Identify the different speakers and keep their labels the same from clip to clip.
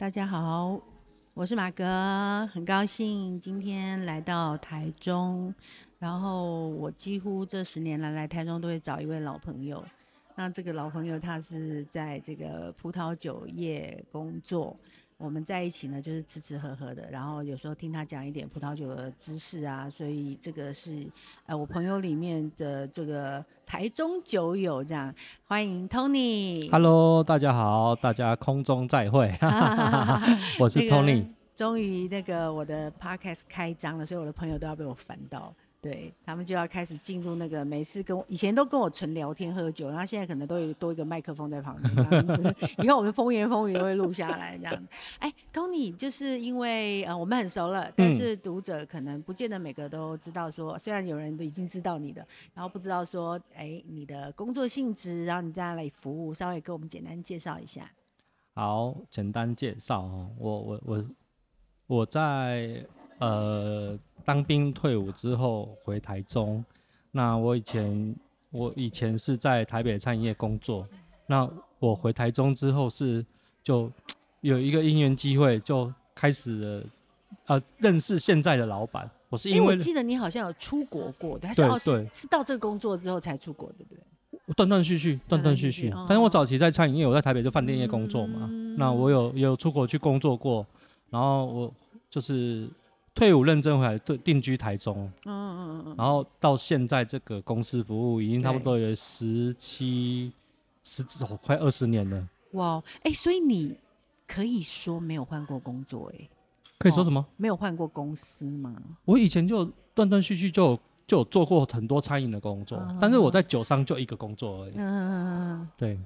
Speaker 1: 大家好，我是瑪格，很高興今天來到台中。然後我幾乎這十年來來台中都會找一位老朋友，那這個老朋友他是在這個葡萄酒業工作。我們在一起呢，就是吃吃喝喝的，然後有時候聽他講一點葡萄酒的知識啊，所以這個是，呃，我朋友裡面的這個台中酒友這樣，歡迎 Tony。
Speaker 2: Hello，大家好，大家空中再會。 我是 Tony、 那個。
Speaker 1: 終於那個我的 Podcast 開張了，所以我的朋友都要被我煩到對他們就要開始進入那個，每次跟我以前都跟我純聊天喝酒，然後現在可能都有多一個麥克風在旁邊， 以後我們風言風語都會錄下來這樣。哎，Tony，就是因為呃我們很熟了，但是讀者可能不見得每個都知道說，嗯、雖然有人都已經知道你的，然後不知道說，哎，你的工作性質，然後你在哪裡服務，稍微給我們簡單介紹一下。
Speaker 2: 好，簡單介紹啊，我我我我在呃。當兵退伍之後回台中。那我以前我以前是在台北餐飲業工作，那我回台中之後是就有一個因緣機會，就開始了呃認識現在的老闆。我是因為、欸、我記
Speaker 1: 得你好像有出國過的，對是對是，是到這個工作之後才出國，對不對？斷
Speaker 2: 斷續續，斷斷續續。斷斷續續哦、反正我早期在餐飲業，我在台北就飯店業工作嘛，嗯、那我有有出國去工作過，然後我就是。退伍認證回來，對定居台中，
Speaker 1: 嗯嗯嗯，然
Speaker 2: 後到現在這個公司服務已經差不多有十七、okay. 哦、十幾哦快二十年了。
Speaker 1: 哇、wow. 欸，所以你可以說沒有換過工作、欸，
Speaker 2: 可以說什麼、
Speaker 1: 哦？沒有換過公司嗎？
Speaker 2: 我以前就斷斷續續,續就有就有做過很多餐飲的工作、嗯，但是我在酒商就一個工作而已。嗯嗯嗯，對，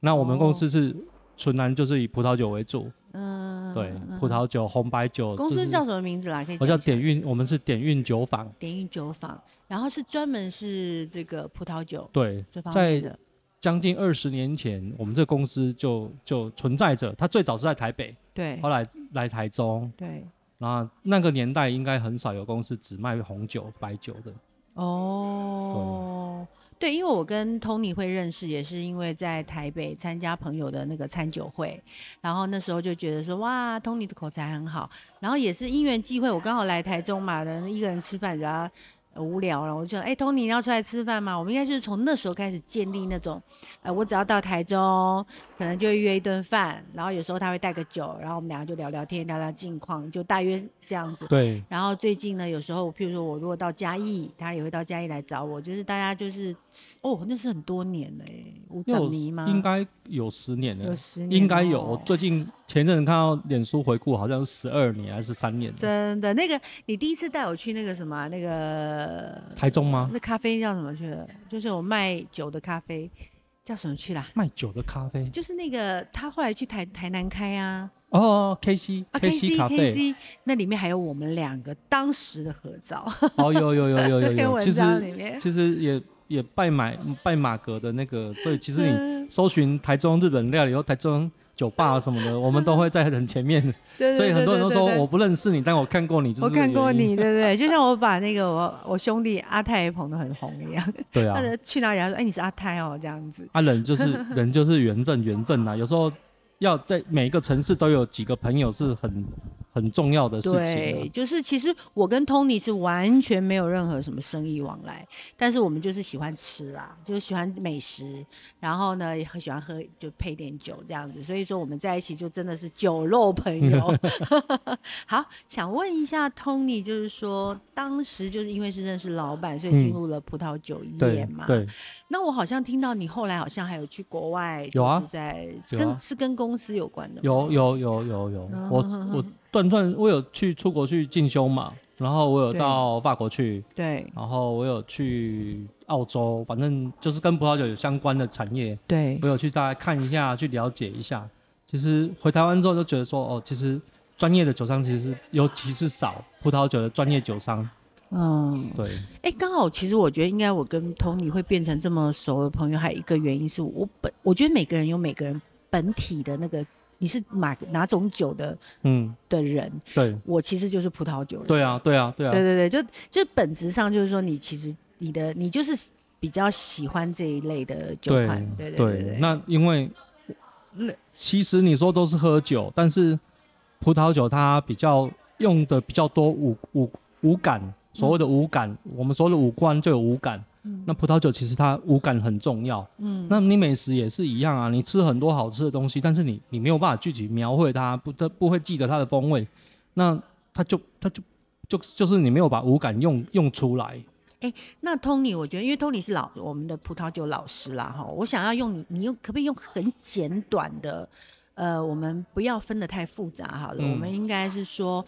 Speaker 2: 那我們公司是純然就是以葡萄酒為主。嗯，對，葡萄酒、嗯、紅白酒。公司叫什
Speaker 1: 麼名字來，可以我叫
Speaker 2: 典蘊，我們是典蘊酒坊。
Speaker 1: 典蘊酒坊，然後是專門是這個葡萄酒。對，在
Speaker 2: 將近二十年前，嗯，我們這個公司就就存在着。它最早是在台北，對，後來來台中，對。然後那個年代應該很少有公司只賣紅酒、白酒的。
Speaker 1: 哦。對，因為我跟 Tony 會認識，也是因為在台北參加朋友的那個餐酒會，然後那時候就覺得說，哇，Tony 的口才很好，然後也是因緣際會，我剛好來台中嘛，能一個人吃飯，然後。無聊了，我就說哎、欸、，Tony，你要出來吃飯嗎？我們應該就是從那時候開始建立那種，呃，我只要到台中，可能就約一頓飯，然後有時候他會帶個酒，然後我們兩個就聊聊天，聊聊近況，就大約這樣子。對。然後最近呢，有時候譬如說我如果到嘉義，他也會到嘉義來找我，就是大家就是哦，那是很多年嘞，五幾年嗎？應該
Speaker 2: 有十年了。有十年。應該有。哦、最近。前陣子看到臉書回顧，好像十二年還是三年？
Speaker 1: 真的，那個你第一次帶我去那個什麼，那個台中嗎？那咖啡叫什麼去了？就是有賣酒的咖啡，叫什麼去了？
Speaker 2: 賣酒的咖啡。就是
Speaker 1: 那個他後來去台台南開啊。
Speaker 2: 哦，K C，K C 咖啡。K C
Speaker 1: 那裡面還有我們兩個當時的合照。哦，有有有有有有，有，有， 其有，其實其
Speaker 2: 實也也拜買拜馬格的那個，所以其實你搜尋台中日本料理或、嗯、台中。酒吧什麼的， 我們都會在人前面， 對對對對對對，所以很多人都說我不認識你， 但我看過你，我看過你， 對不對，對？
Speaker 1: 就像我把那個我我兄弟阿泰捧得很紅一樣，對啊， 去哪裡他、啊、說哎你是阿泰哦，這樣子，啊、人就是人
Speaker 2: 就是緣分，緣 分吶、啊，有時候要在每個城市都有幾個朋友是很。很重要的事情，啊。對，就
Speaker 1: 是其實我跟 Tony 是完全沒有任何什麼生意往來，但是我們就是喜歡吃啦，啊，就喜歡美食，然後呢也很喜歡喝，就配點酒這樣子。所以說我們在一起就真的是酒肉朋友。 好，想問一下 Tony，就是說當時就是因為是認識老板，所以進入了葡萄酒業嘛？嗯、
Speaker 2: 對，
Speaker 1: 對。那我好像聽到你後來好像還有去國外就是，有啊，在跟，啊、是跟公司有關的。有
Speaker 2: 有有有有，我 我。我斷斷我有去出國去進修嘛，然後我有到法國去。對，對，然後我有去澳洲，反正就是跟葡萄酒有相關的產業，對，我有去大概看一下，去了解一下。其實回台灣之後就覺得說，哦，其實專業的酒商其實尤其是少，葡萄酒的專業酒商，嗯，
Speaker 1: 對。哎，剛好其實我覺得應該我跟 Tony 會變成這麼熟的朋友，還有一個原因是我本我覺得每個人有每個人本體的那個。你是買哪種酒的、
Speaker 2: 的？嗯，
Speaker 1: 的人，對，我其實就是葡萄酒人。對
Speaker 2: 啊，對啊，對啊，對對
Speaker 1: 對，就就本質上就是說，你其實你的你就是比較喜歡這一類的酒款。對對對、對對對，
Speaker 2: 那因為那其實你說都是喝酒，嗯，但是葡萄酒它比較用的比較多五五五感，所謂的五感，嗯，我們說的五官就有五感。那葡萄酒其實它五感很重要，嗯，那你美食也是一樣啊，你吃很多好吃的東西，但是你你沒有辦法具體描繪它，不他不會記得它的風味，那他就他就就就是你沒有把五感用用出來、
Speaker 1: 欸。那 Tony，我覺得因為 Tony 是老我們的葡萄酒老師啦哈，我想要用你，你用可不可以用很簡短的，呃，我們不要分得太複雜好了，嗯、我們應該是說，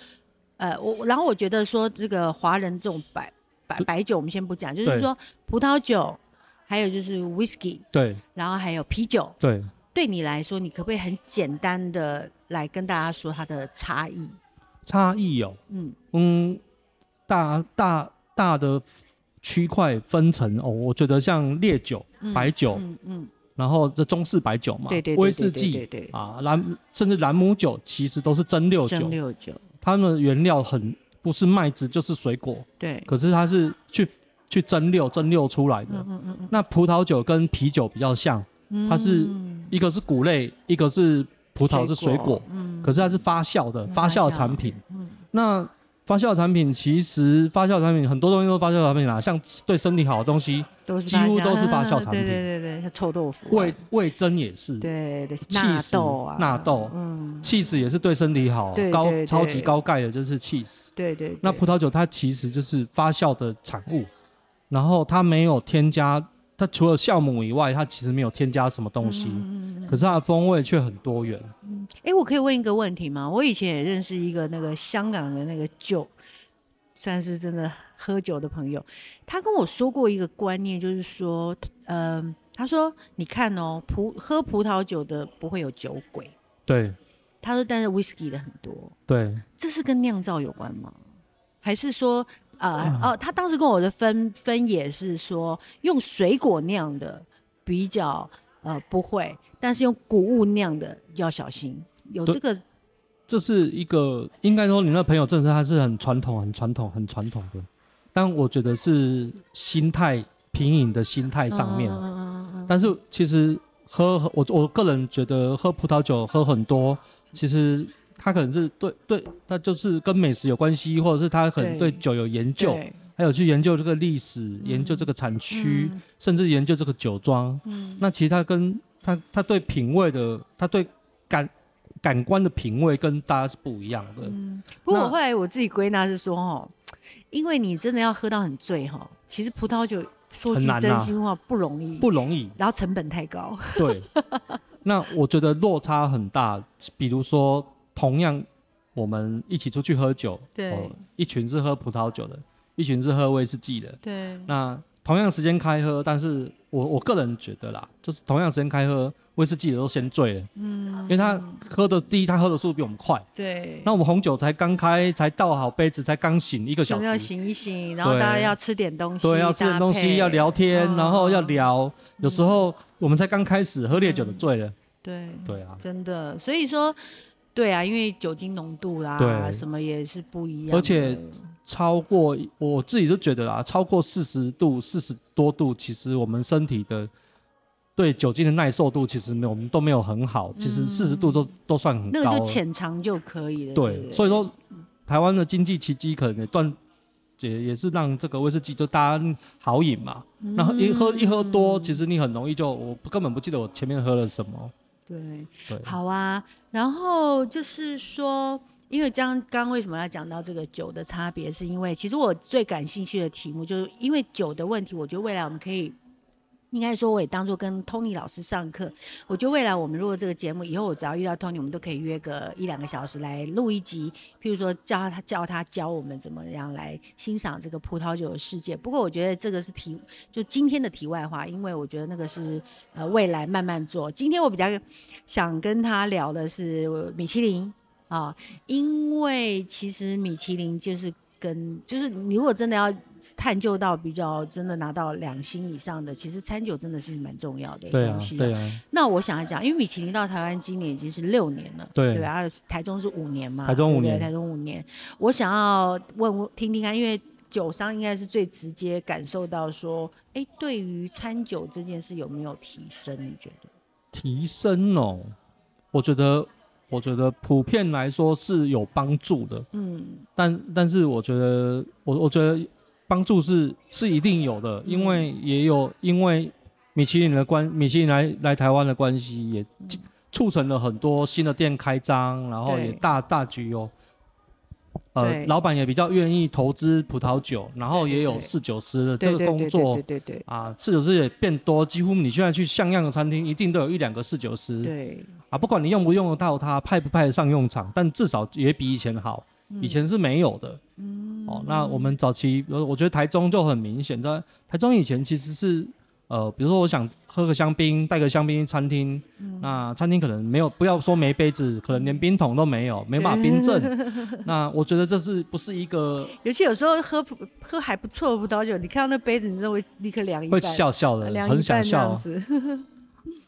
Speaker 1: 呃，我然後我覺得說這個華人這種百。白白酒我們先不講，就是說葡萄酒，還有就是 whiskey，對，然後還有啤酒，對。對你來說，你可不可以很簡單的來跟大家說它的差異？
Speaker 2: 差異哦，嗯嗯，嗯，大大大的區塊分成哦，我覺得像烈酒、嗯、白酒嗯，嗯，然後這中式白酒嘛，對對，對，對，對，對，威士忌，對啊，蘭甚至蘭姆酒其實都是蒸餾酒，蒸餾酒，它們原料很。不是麥子就是水果，對。可是它是去去蒸餾蒸餾出來的、嗯嗯嗯。那葡萄酒跟啤酒比較像，它、嗯、是、嗯、一個是穀類，一個是葡萄是水果，水果、嗯、可是它是發酵的、嗯、發酵的產品，嗯、那發酵產品其實，發酵產品很多東西都是發酵產品啦、啊，像對身體好的東西，幾乎都是發酵產品。對、啊、對
Speaker 1: 對對，像臭豆腐、啊，味
Speaker 2: 味噌也是，對對、對，納豆啊，納豆，嗯起司也是對身體好，對對對高對對對超級高鈣的就是起司對對、
Speaker 1: 對、對對，那葡萄
Speaker 2: 酒它其實就是發酵的產物，然後它沒有添加。它除了酵母以外，它其實沒有添加什麼東西，嗯嗯嗯嗯，可是它的風味卻很多元。哎、嗯
Speaker 1: 欸，我可以問一個問題嗎？我以前也認識一個那個香港的那個酒，算是真的喝酒的朋友，他跟我說過一個觀念，就是說，嗯、呃，他說，你看哦，葡喝葡萄酒的不會有酒鬼，對。他說，但是威士忌的很多，
Speaker 2: 對。
Speaker 1: 這是跟釀造有關嗎？還是說？啊、呃、哦、呃呃，他當時跟我的分分也是說，用水果釀的比較呃不會，但是用穀物釀的要小心，有這個。
Speaker 2: 這是一個應該說，你那朋友證實，他是很傳統、很傳統、很傳統的，但我覺得是心態品飲的心態上面。嗯嗯嗯嗯。但是其實喝我我個人覺得喝葡萄酒喝很多，其實。他可能是對對，他就是跟美食有關係，或者是他可能對酒有研究，還有去研究這個歷史，研究這個產區，甚至研究這個酒莊。嗯，嗯，嗯、那其實他跟他他對品味的，他對感感官的品味跟大家是不一樣的。嗯，
Speaker 1: 不過我後來我自己歸納是說哦，因為你真的要喝到很醉哈，其實葡萄酒說句真心話不容易，啊、不容易，然後成本太高。
Speaker 2: 對， 那我覺得落差很大，比如說。同樣，我們一起出去喝酒，對、呃，一群是喝葡萄酒的，一群是喝威士忌的，對。那同樣時間開喝，但是我我個人覺得啦，就是同樣時間開喝，威士忌的都先醉了，嗯，因為他喝的，第一他喝的速度比我們快，對。那我們紅酒才剛開，才倒好杯子，才剛醒一個小時，要
Speaker 1: 醒一醒，然後大家要吃點東西對，對，要吃點東西，要聊天，
Speaker 2: 然後要聊，嗯、有時候我們才剛開始喝烈酒的醉了、嗯，
Speaker 1: 對，對啊，真的，所以說。對啊，因為酒精濃度啦，什麼也是不一樣的。而且
Speaker 2: 超過我自己都覺得啊，超過四十度，四十多度，其實我們身體的對酒精的耐受度其實沒有，都沒有很好。其實四十度都，嗯、都算很高。那個就淺
Speaker 1: 嘗就可以了。對，對，對，所以說
Speaker 2: 台灣的經濟奇蹟可能也斷，也也是讓這個威士忌就大家好飲嘛。嗯、然後一喝一喝多、嗯，其實你很容易就，我根本不記得我前面喝了什麼。對，對，
Speaker 1: 好啊。然後就是說，因為剛剛為什麼要講到這個酒的差別，是因為其實我最感興趣的題目，就是因為酒的問題，我覺得未來我們可以。應該說，我也當作跟 Tony 老師上課。我覺得未來我們如果這個節目以後，我只要遇到 Tony，我們都可以約個一兩個小時來錄一集。譬如說，叫他叫他教我們怎麼樣來欣賞這個葡萄酒的世界。不過，我覺得這個是題，就今天的題外話，因為我覺得那個是呃未來慢慢做。今天我比較想跟他聊的是米其林啊，因為其實米其林就是跟就是你如果真的要。探究到比較真的拿到兩星以上的，其實餐酒真的是蠻重要的東西。對啊。對啊。那我想要講，因為米其林到台灣今年已經是六年了，對對啊，台中是五年嘛？台中五年，五年，台中五年。我想要問問聽聽看，因為酒商應該是最直接感受到說，哎，對於餐酒這件事有沒有提升？你覺得？
Speaker 2: 提升哦，我覺得，我覺得普遍來說是有幫助的。嗯。但但是我覺得，我我覺得。幫助是是一定有的，因為也有因為米其林的關米其林來來台灣的關係，也促成了很多新的店開張，然後也大大局有。呃，老板也比較願意投資葡萄酒，然後也有侍酒師的對對這個工作，對對，對，對，對，對，對啊，侍酒師也變多，幾乎你現在去像樣的餐廳，一定都有一兩個侍酒師對。啊，不管你用不用得到他派不派得上用場，但至少也比以前好。以前是沒有的，嗯，哦，那我們早期，比如我覺得台中就很明顯，在台中以前其實是，呃，比如說我想喝個香檳，帶個香檳去餐廳，嗯，那餐廳可能沒有，不要說沒杯子，可能連冰桶都沒有，沒辦法冰鎮。那我覺得這是不是一個？
Speaker 1: 尤其有時候喝喝還不錯葡萄酒，你看到那杯子，你就會立刻涼一下，會笑笑的，啊、一很想笑，啊。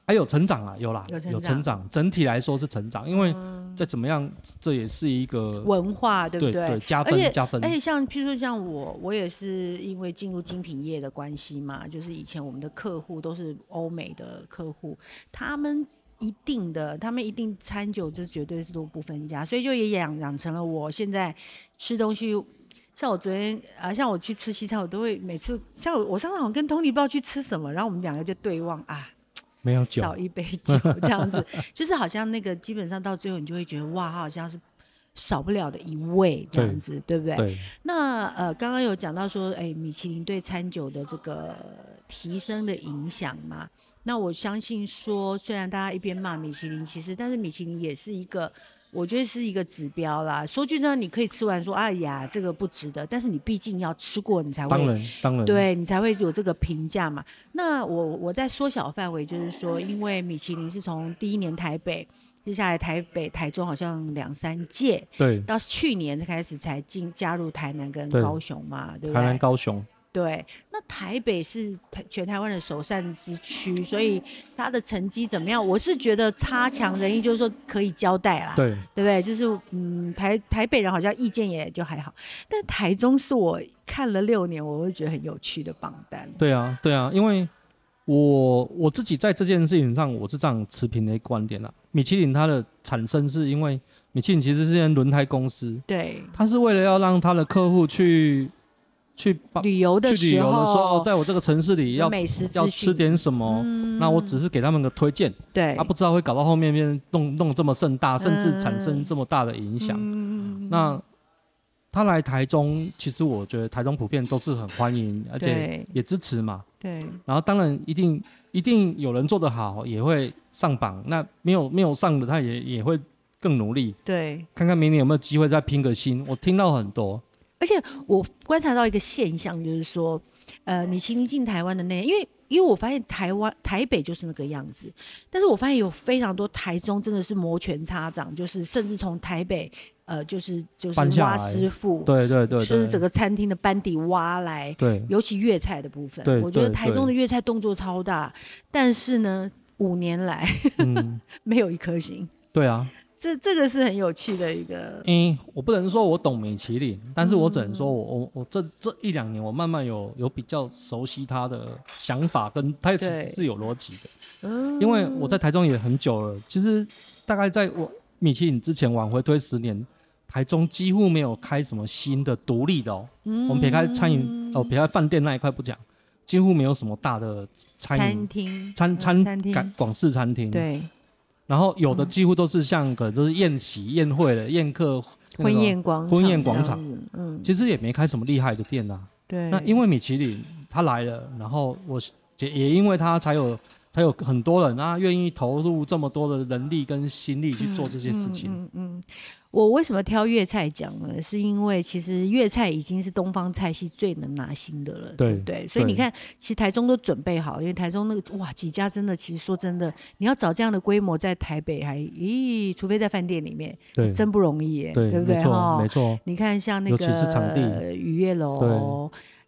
Speaker 2: 還、哎、有成長了、啊，有啦有成長，有成長。整體來說是成長，因為再怎麼樣、嗯，這也是一個文化，對不對？加分，加分。哎，而且像
Speaker 1: 譬如說，像我，我也是因為進入精品業的關係嘛，就是以前我們的客戶都是歐美的客戶，他們一定的，他們一定餐酒，這絕對是都不分家，所以就也養養成了我。我現在吃東西，像我昨天啊，像我去吃西餐，我都會每次，像我我上次好像跟 Tony 不知道去吃什麼，然後我們兩個就對望啊。
Speaker 2: 少一杯酒 這樣子，
Speaker 1: 就是好像那個基本上到最後你就會覺得哇，他好像是少不了的一味這樣子，對，對不對？對。那呃，剛剛有講到說，哎，米其林對餐酒的這個提升的影響嘛？那我相信說，雖然大家一邊罵米其林，其實但是米其林也是一個。我覺得是一個指標啦。說句真話，你可以吃完說，哎、啊、呀，這個不值得。但是你畢竟要吃過，你才會當然，當然，對，你才會有這個評價嘛。那我我在縮小範圍，就是說，因為米其林是從第一年台北，接下來台北、台中好像兩三屆，對，到去年開始才進加入台南跟高雄嘛，對，對，對台南高雄。對，那台北是全台灣的首善之區，所以它的成績怎麼樣？我是覺得差強人意，就是說可以交代啦，對，對不對？就是嗯，台台北人好像意見也就還好。但台中是我看了六年，我會覺得很有趣的榜單。
Speaker 2: 對啊，對啊，因為我我自己在這件事情上，我是這樣持平的一個觀點啦、啊。米其林它的產生是因為米其林其實是間輪胎公司，對，它是為了要讓它的客戶去。去旅，去旅遊的時候、哦，在我這個城市裡要美食、要吃點什麼、嗯，那我只是給他們個推薦，對，他、啊、不知道會搞到後面變弄弄這麼盛大、嗯，甚至產生這麼大的影響。嗯、那他來台中，其實我覺得台中普遍都是很歡迎，而且也支持嘛。對，然後當然一定一定有人做得好，也會上榜。那沒有沒有上的，他也也會更努力，對，看看明年有沒有機會再拼個星。我聽到很多。
Speaker 1: 而且我觀察到一個現象，就是說，呃，米其林進台灣的那，因為因為我發現台灣台北就是那個樣子，但是我發現有非常多台中真的是摩拳擦掌，就是甚至從台北，呃，就是就是挖師傅，對對對，甚至整個餐廳的班底挖來，對，對對對對尤其粵菜的部分，對對對對我覺得台中的粵菜動作超大，對對對但是呢，五年來對對對呵呵沒有一顆星，對啊。這這個是很有趣的一個。
Speaker 2: 嗯，我不能說我懂米其林，但是我只能說我、嗯，我我我這這一兩年，我慢慢有有比較熟悉他的想法跟，跟他也其實是有邏輯的。嗯、哦，因為我在台中也很久了，其實大概在我米其林之前往回推十年，台中幾乎沒有開什麼新的獨立的哦。嗯，我們撇開餐飲哦，撇、呃、開飯店那一塊不講，幾乎沒有什麼大的餐飲餐
Speaker 1: 廳、餐餐、嗯、餐廳、
Speaker 2: 廣式餐廳。對。然後有的幾乎都是像個就是宴席、宴會的宴客，婚宴廣場，婚宴廣場，其實也沒開什麼厲害的店吶。
Speaker 1: 對，那因
Speaker 2: 為米其林他來了，然後我也因為他才有。才有很多人啊，願意投入這麼多的人力跟心力去做這些事情。嗯嗯，
Speaker 1: 嗯，我為什麼挑粵菜講呢？是因為其實粵菜已經是東方菜系最能拿星的了，對對，對？所以你看，其實台中都準備好，因為台中那個哇，幾家真的，其實說真的，你要找這樣的規模在台北還咦，除非在飯店裡面，對，真不容易，對不對？哈，沒錯、哦。你看像那個魚躍樓。尤其是場地呃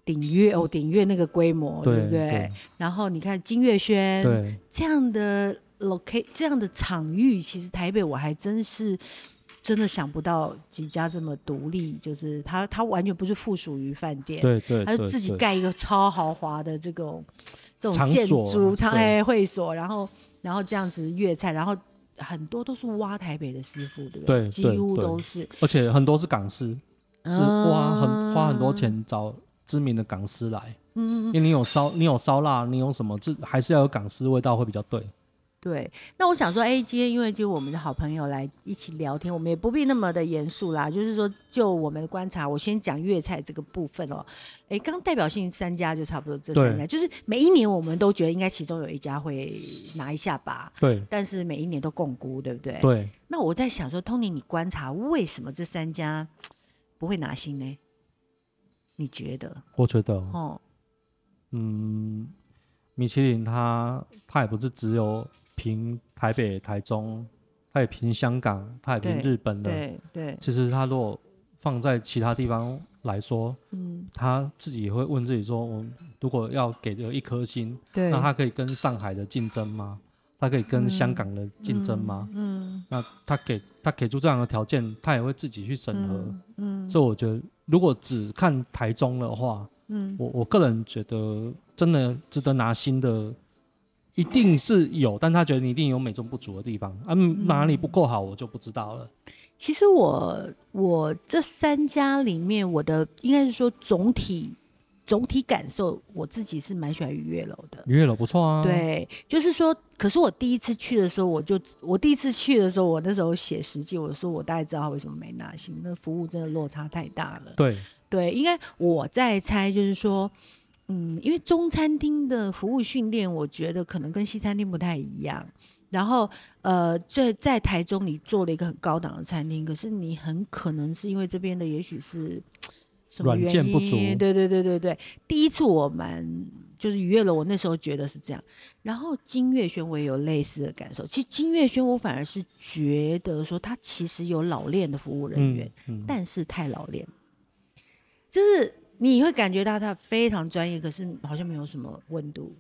Speaker 1: 頂粵哦，頂粵那個規模，對，對不對，對？然後你看金月軒，對這樣的 location，這樣的場域，其實台北我還真是真的想不到幾家這麼獨立，就是他，他完全不是附屬於飯店，對對，它自己蓋一個超豪華的這種這種建築、長誒會所，然後然後這樣子粵菜，然後很多都是挖台北的師傅，對對，對，對，對？幾乎都是，而且很
Speaker 2: 多是港師，是挖很花很多錢找。嗯知名的港式來，嗯，因為你有燒，你有燒臘，你有什麼，這還是要有港式味道會比較對、嗯。
Speaker 1: 嗯嗯、對，那我想說哎、欸，今天因為就我們的好朋友來一起聊天，我們也不必那麼的嚴肅啦。就是說，就我們觀察，我先講粵菜這個部分哦、喔。哎、欸，剛代表性三家就差不多這三家，就是每一年我們都覺得應該其中有一家會拿一下吧。對。但是每一年都槓龜，對不對？對。那我在想說，Tony，你觀察為什麼這三家不會拿星呢？
Speaker 2: 你覺得？我覺得哦，嗯，米其林它它也不是只有評台北、台中，它也評香港，它也評日本的。對對，對。其實它如果放在其他地方來說，嗯，他自己也會問自己說，我如果要給一顆星對，那它可以跟上海的競爭嗎？它可以跟香港的競爭嗎？嗯。嗯嗯，那他給他給出這樣的條件，他也會自己去審核。嗯，這、嗯、我覺得。如果只看台中的話，嗯，我我個人覺得真的值得拿星的，一定是有，但他覺得你一定有美中不足的地方，嗯、啊，哪裡不夠好，我就不知道了。
Speaker 1: 嗯、其實我我這三家裡面，我的應該是說，總體。總體感受，我自己是蠻喜歡粵月樓的。
Speaker 2: 粵月樓不錯啊。對，
Speaker 1: 就是說，可是我第一次去的時候，我就我第一次去的時候，我那時候寫實際，我說我大概知道為什麼沒拿星。那服務真的落差太大了。對對，應該我在猜，就是說，嗯，因為中餐廳的服務訓練，我覺得可能跟西餐廳不太一樣。然後，呃，在在台中你做了一個很高檔的餐廳，可是你很可能是因為這邊的也許是。軟件不足，對對對對對。第一次我們就是愉悅了，我那時候覺得是這樣。然後金月軒我也有類似的感受。其實金月軒我反而是覺得說，他其實有老練的服務人員、嗯嗯，但是太老練，就是你會感覺到他非常專業，可是好像沒有什麼溫度。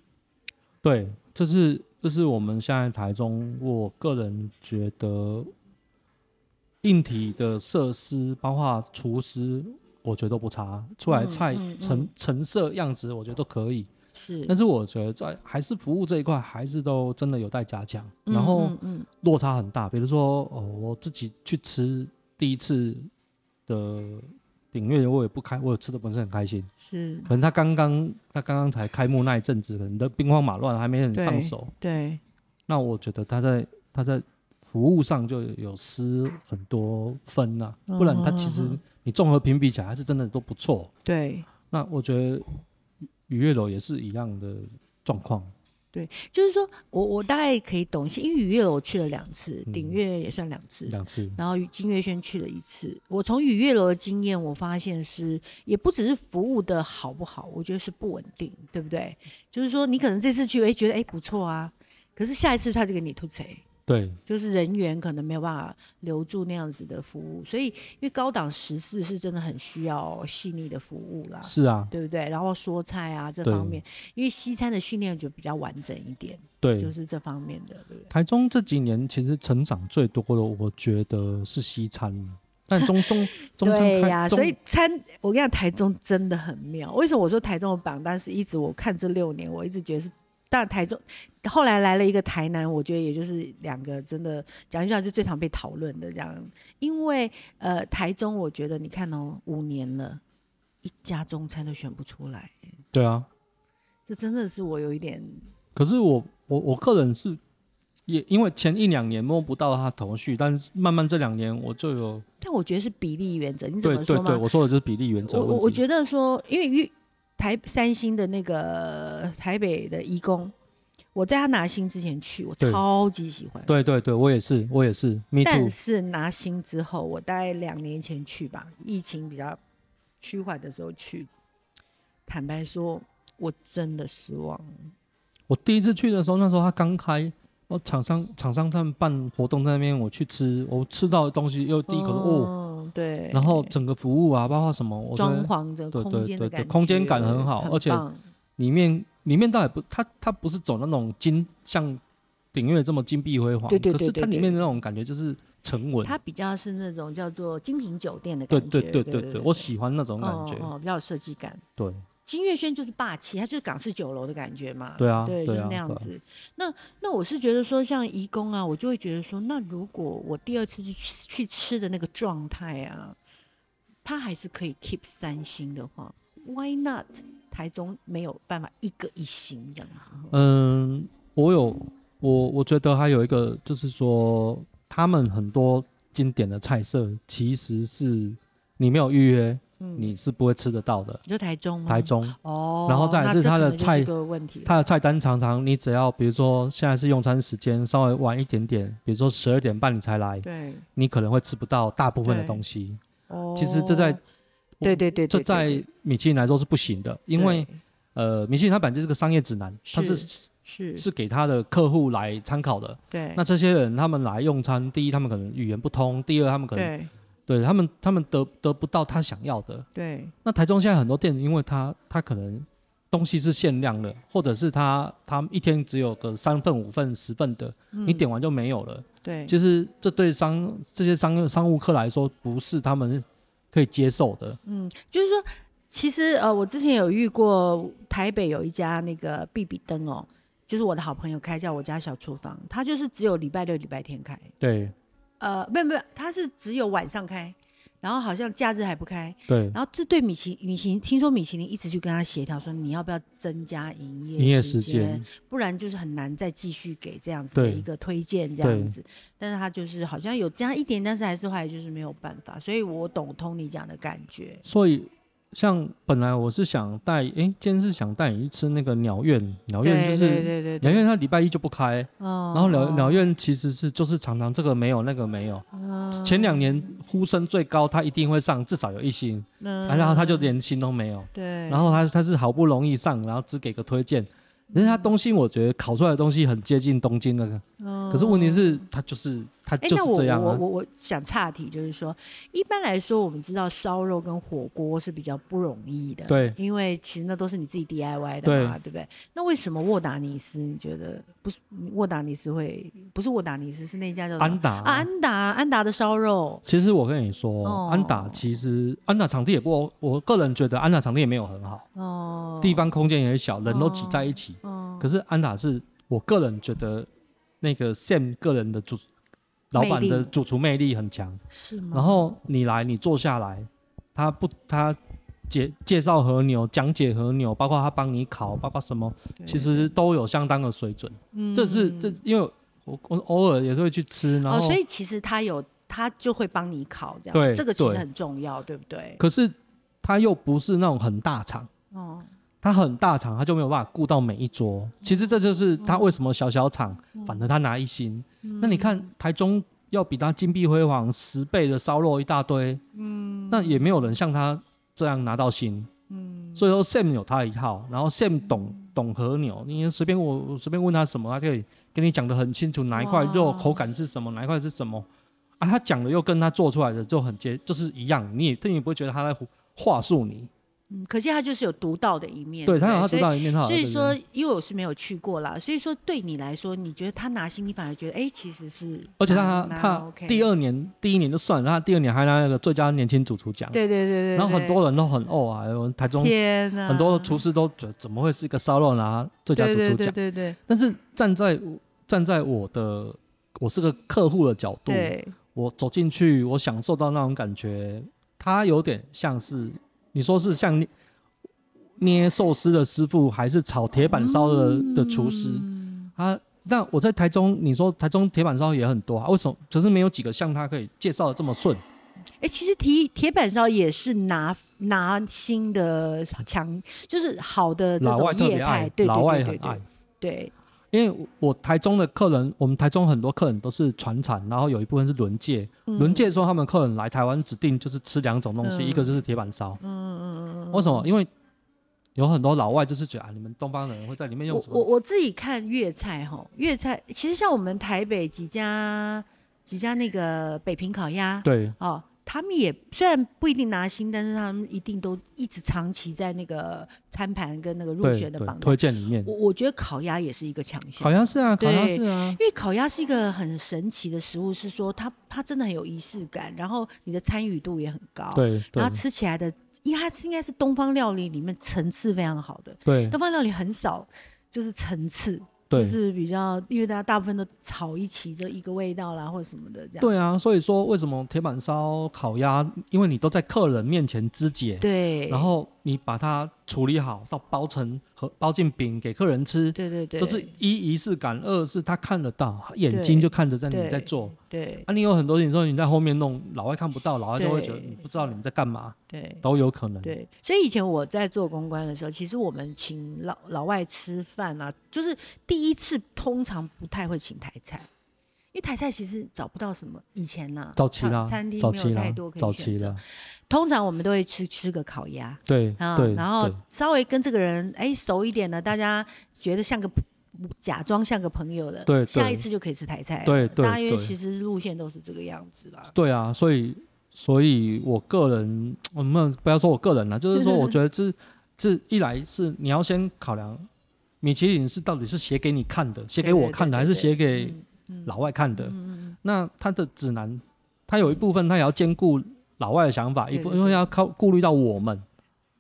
Speaker 2: 對，這是這是我們現在台中，我個人覺得硬體的設施，包括廚師。我覺得都不差，出來菜成、嗯嗯嗯、成色樣子，我覺得都可以。是，但是我覺得在還是服務這一塊，還是都真的有待加強、嗯嗯嗯。然後落差很大，比如說哦，我自己去吃第一次的頂粵，我也不開，我也吃的不是很開心。
Speaker 1: 是，可能
Speaker 2: 他剛剛他剛剛才開幕那一陣子，可能的兵荒馬亂還沒很上手對。對，那我覺得他在他在服務上就有失很多分了、啊，不然他其實、嗯。你綜合評比起來還是真的都不錯。對，那我覺得雨月樓也是一樣的狀況。
Speaker 1: 對，就是說我我大概可以懂一些，因為雨月樓我去了兩次，嗯、鼎月也算兩次，兩次，然後金月軒去了一次。我從雨月樓的經驗，我發現是也不只是服務的好不好，我覺得是不穩定，對不對？就是說你可能這次去，哎、欸，覺得誒、欸、不錯啊，可是下一次他就給你吐槽。對，就是人員可能沒有辦法留住那樣子的服務，所以因為高檔食肆是真的很需要細膩的服務啦。是啊，對不對？然後說菜啊這方面，因為西餐的訓練就比較完整一點。對，就是這方面的。對，對，
Speaker 2: 台中這幾年其實成長最多的，我覺得是西餐，但中中、 啊、中餐對呀，所以
Speaker 1: 餐我跟你講，台中真的很妙。為什麼我說台中的榜單是一直，我看這六年，我一直覺得是。但台中，後來來了一個台南，我覺得也就是兩個真的講一下是最常被討論的這樣，因為呃台中我覺得你看哦，五年了，一家中餐都選不出來。對啊，這真的是我有一點。
Speaker 2: 可是我我我個人是也因為前一兩年摸不到他頭緒，但是慢慢這兩年我就有。
Speaker 1: 但我覺得是比例原則，你怎麼說嗎？對對對，我說的就
Speaker 2: 是比例原則。我我覺
Speaker 1: 得說，因為台三星的那個台北的頤宮，我在他拿星之前去，我超級喜歡。
Speaker 2: 對對對，我也是，我也是。但是
Speaker 1: 拿星之後，我大概兩年前去吧，疫情比較趨緩的時候去。坦白說，我真的失望。
Speaker 2: 我第一次去的時候，那時候他剛開我廠，我廠商廠商在辦活動在那邊，我去吃，我吃到的東西又第一口哦。對，然後整個服務啊，包括什麼，我裝潢着空間的，對，對對對，空間感很好，嗯、很棒，而且裡面裡面倒也不，它它不是走那種金，像頂粵這麼金碧輝煌。對對對對對對，可是它裡面的那種感覺就是沉穩，它
Speaker 1: 比較是那種叫做精品酒店的感覺，對對對對對，對，對，對，對，對，對，對，我
Speaker 2: 喜歡那種感覺，哦，哦，
Speaker 1: 哦比較有設計感，對。金月軒就是霸氣，它就是港式酒樓的感覺嘛。對啊，對，就是那樣子。啊啊、那那我是覺得說，像頤宮啊，我就會覺得說，那如果我第二次去去吃的那個狀態啊，它還是可以 keep 三星的話，Why not？台中沒有辦法一個一星的。嗯，
Speaker 2: 我有我，我覺得還有一個就是說，他們很多經典的菜色其實是你沒有預約。嗯、你是不會吃得到的，就台中台中哦，oh, 然後再來是它的菜，它、啊、的菜單常常你只要，比如說現在是用餐時間稍微晚一點點，比如說十二點半你才來，對，你可能會吃不到大部分的東西。Oh, 其實這在對對對,對對對，這在米其林來說是不行的，因為呃，米其林它本身就是個商業指南，它是他是是,是給他的客戶來參考的。對，那這些人他們來用餐，第一他們可能語言不通，第二他們可能。對他們，他們得得不到他想要的。對，那台中現在很多店，因為他他可能東西是限量的，或者是他他一天只有個三份、五份、十份的，嗯，你點完就沒有了。對，其實這對商這些商商務客來說，不是他們可以接受的。
Speaker 1: 嗯，就是說，其實呃，我之前有遇過台北有一家那個必比登哦，就是我的好朋友開叫我家小廚房，他就是只有禮拜六、禮拜天開。對。呃，沒有沒有，不不他是只有晚上開，然後好像假日還不開。對。然後這對米其米其，聽說米其林一直去跟他協調，說你要不要增加營業時間，不然就是很難再繼續給這樣子的一個推薦這樣子。但是他就是好像有加一點，但是還是還是就是沒有辦法，所以我懂通你講的感覺。
Speaker 2: 所以。像本來我是想帶，誒、欸，今天是想帶你去吃那個鳥苑。鳥苑就是，對對對對對對鳥苑，它禮拜一就不開。哦、然後鳥、哦、鳥苑其實是就是常常這個沒有那個沒有。嗯、前兩年呼聲最高，它一定會上，至少有一星、嗯啊。然後它就連星都沒有。對。然後它它是好不容易上，然後只給個推薦。人家他東西我覺得烤出來的東西很接近東京的。個、嗯。可是問題是它就是。哎、啊欸，那我我我我，
Speaker 1: 我想岔題，就是說，一般來說，我們知道燒肉跟火鍋是比較不容易的，對，因為其實那都是你自己 DIY 的嘛，對不對吧？那為什麼沃達尼斯你覺得不是沃達尼斯會不是沃達尼斯是那一家叫安達？安達、啊、安達的
Speaker 2: 燒肉。其實我跟你說，哦、安達其實安達場地也不，我個人覺得安達場地也沒有很好哦，地方空間也很小，人都擠在一起。哦、可是安達是我個人覺得那個 Sam 個人的主。老闆的主廚魅力很強，是嗎？然後你來，你坐下來，他不，他介介紹和牛，講解和牛，包括他幫你烤，包括什麼，其實都有相當的水準。嗯，這是這是，因為我我偶爾也會去吃，然後、哦、所以
Speaker 1: 其實他有他就會幫你烤這樣，對，這個其實很重要，對，對不對？
Speaker 2: 可是他又不是那種很大場哦。他很大場，他就沒有辦法顧到每一桌、嗯。其實這就是他為什麼小小場、嗯、反而他拿一星、嗯。那你看台中要比他金碧輝煌十倍的燒肉一大堆、嗯，那也沒有人像他這樣拿到星、嗯。所以說 Sam 有他一套，然後 Sam 懂、嗯、懂和牛，你隨便我隨便問他什麼，他可以跟你講的很清楚，哪一塊肉口感是什麼，哪一塊是什麼啊？他講的又跟他做出來的就很接，就是一樣，你也但你也不會覺得他在話術你。
Speaker 1: 嗯，可惜他就是有獨到的一面。對，他有他獨到的一面。哈。所以說，因為我是沒有去過了，所以說對你來說，你覺得他拿星你反而覺得哎、欸，其實是而且他他，他第二
Speaker 2: 年、okay. 第一年就算了，他第二年還拿了個最佳年輕主廚獎。對對對，對對對對。然後很多人都很哦啊，台中、啊、很多廚師都怎怎麼會是一個燒肉拿最佳主廚獎？對對對，對對對。但是站在站在我的我是個客戶的角度，我走進去，我享受到那種感覺，他有點像是。你說是像捏壽司的師傅，還是炒鐵板燒的、嗯、的廚師？啊，那我在台中，你說台中鐵板燒也很多啊，為什麼？只是沒有幾個像他可以介紹的這麼順。
Speaker 1: 哎、欸，其實鐵鐵板燒也是拿拿新的強，就是好的這種業態，老外特別愛，對對對對對，老外很愛。對。
Speaker 2: 因為我台中的客人，我們台中很多客人都是傳產，然後有一部分是輪界，輪、嗯、界說他們客人來台灣指定就是吃兩種東西，嗯，一個就是鐵板燒。嗯嗯嗯嗯。為什麼？因為有很多老外就是覺得啊，你們東方人會在裡面用什麼？我我，
Speaker 1: 我自己看粵菜哈，粵、哦、菜其實像我們台北幾家幾家那個北平烤鴨，對，哦。他們也雖然不一定拿星，但是他們一定都一直長期在那個餐盤跟那個入選的榜單。我我覺得烤鴨也是一個強
Speaker 2: 項。好像是啊，好像是啊，因
Speaker 1: 為烤鴨是一個很神奇的食物，是說它它真的很有儀式感，然後你的參與度也很高對。對，然後吃起來的，因為它應該是應該是東方料理裡面層次非常好的。對，東方料理很少就是層次。就是比較，因為大家大部分都炒一起這一個味道啦，或者什麼的這樣。對
Speaker 2: 啊，所以說為什麼鐵板燒、烤鴨，因為你都在客人面前肢解，對，然後。你把它處理好，到包成和包進餅給客人吃，對對對，都是一儀式感，二是他看得到，眼睛就看着在你在做，對。對啊，你有很多事說你在後面弄，老外看不到，老外就會覺得你不知道你們在幹嘛，對，都有可能對。對，
Speaker 1: 所以以前我在做公關的時候，其實我們請老老外吃飯啊，就是第一次通常不太會請台菜。因為台菜其實找不到什麼，以前呢、啊，早期啦，餐廳沒有太多可以選擇，早期啦，早期啦，通常我們都會吃吃個烤鴨，對啊，對，然後稍微跟這個人哎、欸、熟一點的，大家覺得像個假裝像個朋友的，對，下一次就可以吃台菜，對，大約其實路線都是這個樣子
Speaker 2: 啦。對啊，所以所以我個人我們不要說我個人了，就是說我覺得這這 一來是你要先考量，米其林是到底是寫給你看的，寫給我看的，對對對對還是寫給？嗯老外看的、嗯，那他的指南，他有一部分他也要兼顧老外的想法，嗯、一部分因為要靠顧，顧慮到我們。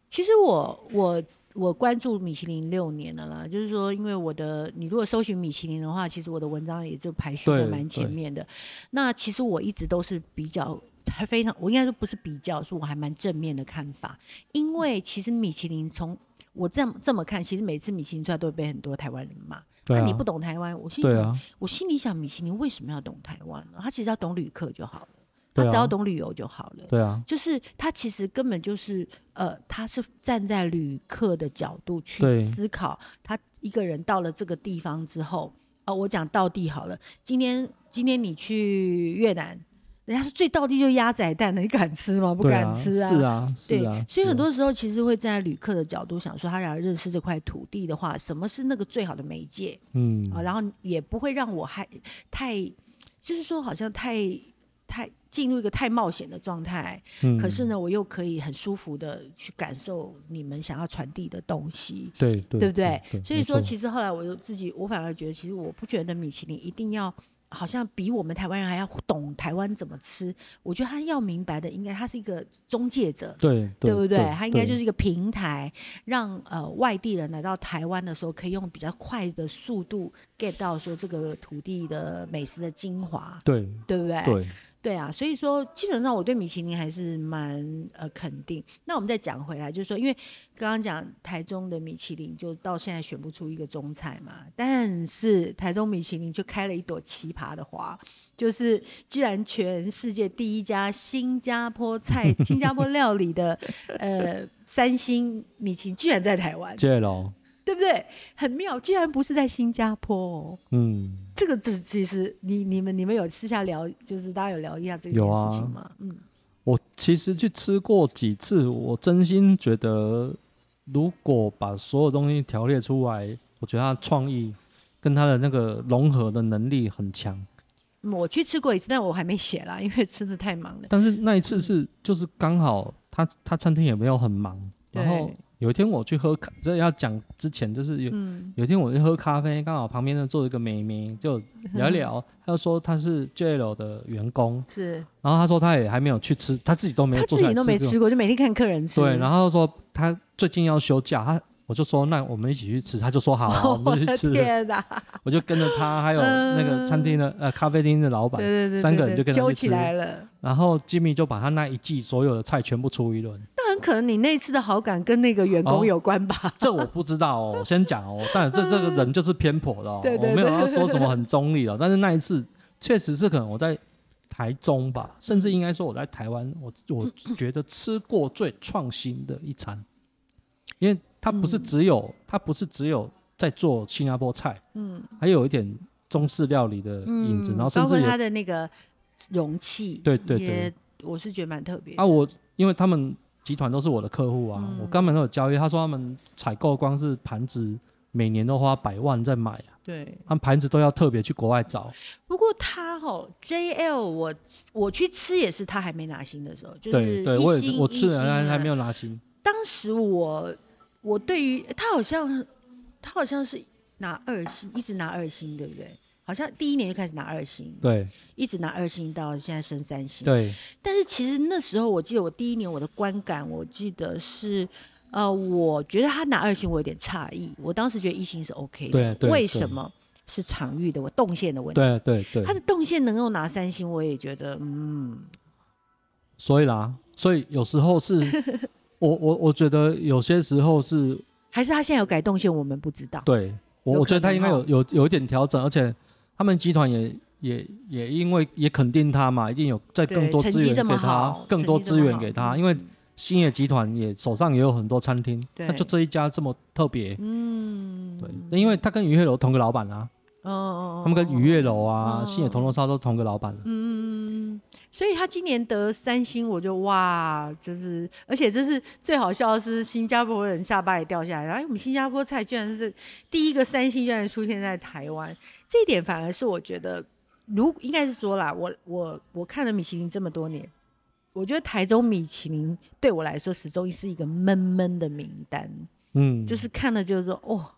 Speaker 2: 其
Speaker 1: 實我我我關注米其林六年了啦，就是說，因為我的你如果搜尋米其林的話，其實我的文章也就排序在蠻前面的。那其實我一直都是比較還非常，我應該說不是比較，是我還蠻正面的看法，因為其實米其林從我這麼這麼看，其實每次米其林出來都會被很多台灣人罵。那、啊、你不懂台灣，我心裡，我心裡想，米其林為什麼要懂台灣呢、啊？他其實要懂旅客就好了，啊、他只要懂旅遊就好了。對啊，就是他其實根本就是，呃，他是站在旅客的角度去思考，他一個人到了這個地方之後，哦、呃，我講道地好了，今天今天你去越南。人家是最到道地就是鴨仔蛋的，你敢吃嗎？不敢吃啊！啊是，啊是啊，對是啊，是啊。所以很多時候其實會站在旅客的角度想說，他想要認識這塊土地的話，什麼是那個最好的媒介？嗯，啊，然後也不會讓我還太，就是說好像太太進入一個太冒險的狀態，嗯。可是呢，我又可以很舒服的去感受你們想要傳遞的東西。嗯、對，
Speaker 2: 不對，對，對對對，所以說其
Speaker 1: 實後來我就自己，我反而覺得其實我不覺得米其林一定要。好像比我們台灣人還要懂台灣怎麼吃，我覺得他要明白的，應該他是一個中介者，對
Speaker 2: 對，對不對，對，對？他應該就是一個
Speaker 1: 平台，讓呃外地人來到台灣的時候，可以用比較快的速度 get 到說這個土地的美食的精華，
Speaker 2: 對對不對？對
Speaker 1: 對啊，所以說基本上我對米其林還是蠻呃肯定。那我們再講回來，就是說，因為剛剛講台中的米其林就到現在選不出一個中菜嘛，但是台中米其林就開了一朵奇葩的花，就是居然全世界第一家新加坡菜，新加坡料理的 呃三星米其林，居然在台灣。對不對？很妙，居然不是在新加坡哦、喔。
Speaker 2: 嗯，
Speaker 1: 這個這其實你你們你們有私下聊，就是大家有聊一下這件事情嗎、啊？嗯，
Speaker 2: 我其實去吃過幾次，我真心覺得，如果把所有東西條列出來，我覺得他的創意跟他的那個融合的能力很強、
Speaker 1: 嗯。我去吃過一次，但我還沒寫啦，因為吃的太忙
Speaker 2: 了。但是那一次是就是剛好他他餐廳也沒有很忙，嗯、然後。有一天我去喝，咖，這要講之前就是有、嗯、有一天我去喝咖啡，剛好旁邊呢坐了一個美眉，就聊聊。她、嗯、就說她是 JL 的員工，是。然後她說她也還沒有去吃，她自己都沒有，她自己都沒吃過，
Speaker 1: 就每天看客人吃。對，然
Speaker 2: 後說她最近要休假，她。我就說，那我們一起去吃。他就說好，我們就去吃我。我就跟着他，還有那個餐廳的、嗯、呃咖啡廳的老闆，三個人就跟他去吃。起來了，然後吉米就把他那一季所有的菜全部出一輪。
Speaker 1: 那很可能你那次的好感跟那個員工有關
Speaker 2: 吧、哦？這我不知道、哦。我先講哦，但這這個人就是偏頗的哦，哦、嗯。我沒有要說什麼很中立的。但是那一次 確實是可能我在台中吧，甚至應該說我在台灣，我我覺得吃過最創新的一餐， 因為。他不是只有、嗯，他不是只有在做新加坡菜，嗯，還有一點中式料理的影子，嗯、然後甚至包括他的
Speaker 1: 那個容器，對對對，我是覺得蠻特別。啊，我
Speaker 2: 因為他們集團都是我的客戶啊、嗯，我根本都有交易。他說他們採購光是盤子，每年都花百萬在買、啊，對，他們盤子都要特別去國外找。
Speaker 1: 不過他吼、哦、JL 我我去吃也是他還沒拿星的時候，就是一星、啊，我吃還還沒有拿星。當時我。我對於他好像，他好像是拿二星，一直拿二星，對不對？好像第一年就開始拿二星，對，一直拿二星到現在升三星，對。但是其實那時候，我記得我第一年我的觀感，我記得是，呃，我覺得他拿二星我有點詫異，我當時覺得一星是 OK 的，為什麼？對對，是場域的我動線的問題？對對對，他的動線能夠拿三星，我也覺得嗯。
Speaker 2: 所以啦，所以有時候是。 我我我覺得有些時候是，
Speaker 1: 還是他現在有改動性我們不知道。
Speaker 2: 對，我我覺得他應該有有有，有，有一點調整，而且他們集團也也也因為也肯定他嘛，一定有在更多資源給他，更多資源給他，因為星野集團也手上也有很多餐廳，那就這一家這麼特別，嗯，對，因為他跟於月樓同個老板啊，哦
Speaker 1: 哦哦，他們跟
Speaker 2: 於月樓啊、哦、星野銅鑼燒都同個老板，嗯
Speaker 1: 嗯。所以他今年得三星，我就哇，就是而且這是最好笑的是，新加坡人下巴也掉下來。哎，我們新加坡菜居然是第一個三星，居然出現在台灣，這一點反而是我覺得，如應該是說啦，我我我看了米其林這麼多年，我覺得台中米其林對我來說始終是一個悶悶的名單，嗯，就是看了就是說哦。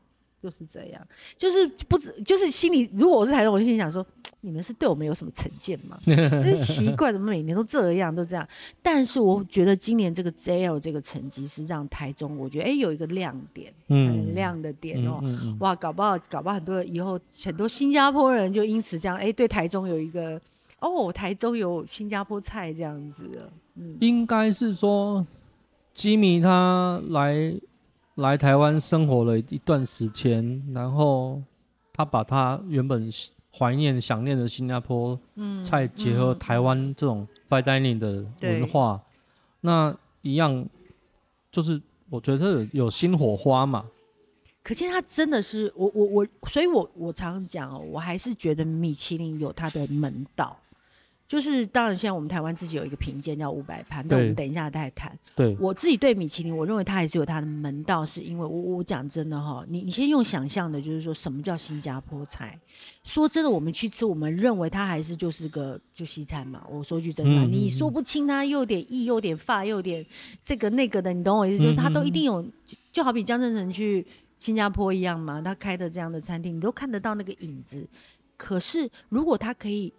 Speaker 1: 就是這樣，就是不知，就是心裡。如果我是台中，我心裡想說，你們是對我們有什麼成見嗎？那 奇怪，怎麼每年都這樣，都這樣？但是我覺得今年這個 JL 這個成績是讓台中，我覺得哎、欸，有一個亮點，很、嗯嗯、亮的點哦、嗯嗯嗯。哇，搞不好，搞不好很多以後很多新加坡人就因此這樣，哎、欸，對台中有一個，哦，台中有新加坡菜這樣子、
Speaker 2: 嗯。應該是說，吉米他來。來台灣生活了一段時間，然後他把他原本懷念、想念的新加坡菜、嗯、再結合台灣這種 fine dining 的文化，那一樣就是我覺得有，有新火花嘛。
Speaker 1: 可見他真的是我我我，所以我我常常講哦、喔，我還是覺得米其林有他的門道。就是當然，現在我們台灣自己有一個評鑑叫五百盤，那我們等一下再談。對，我自己對米其林，我認為它還是有它的門道，是因為我我講真的哈，你你先用想象的，就是說什麼叫新加坡菜？說真的，我們去吃，我們認為它還是就是個就西餐嘛。我說句真話、嗯嗯嗯，你說不清它又有點義，又有點法，又有點這個那個的，你懂我意思？就是它都一定有，嗯嗯就好比江振誠去新加坡一樣嘛，他開的這樣的餐廳，你都看得到那個影子。可是如果他可以。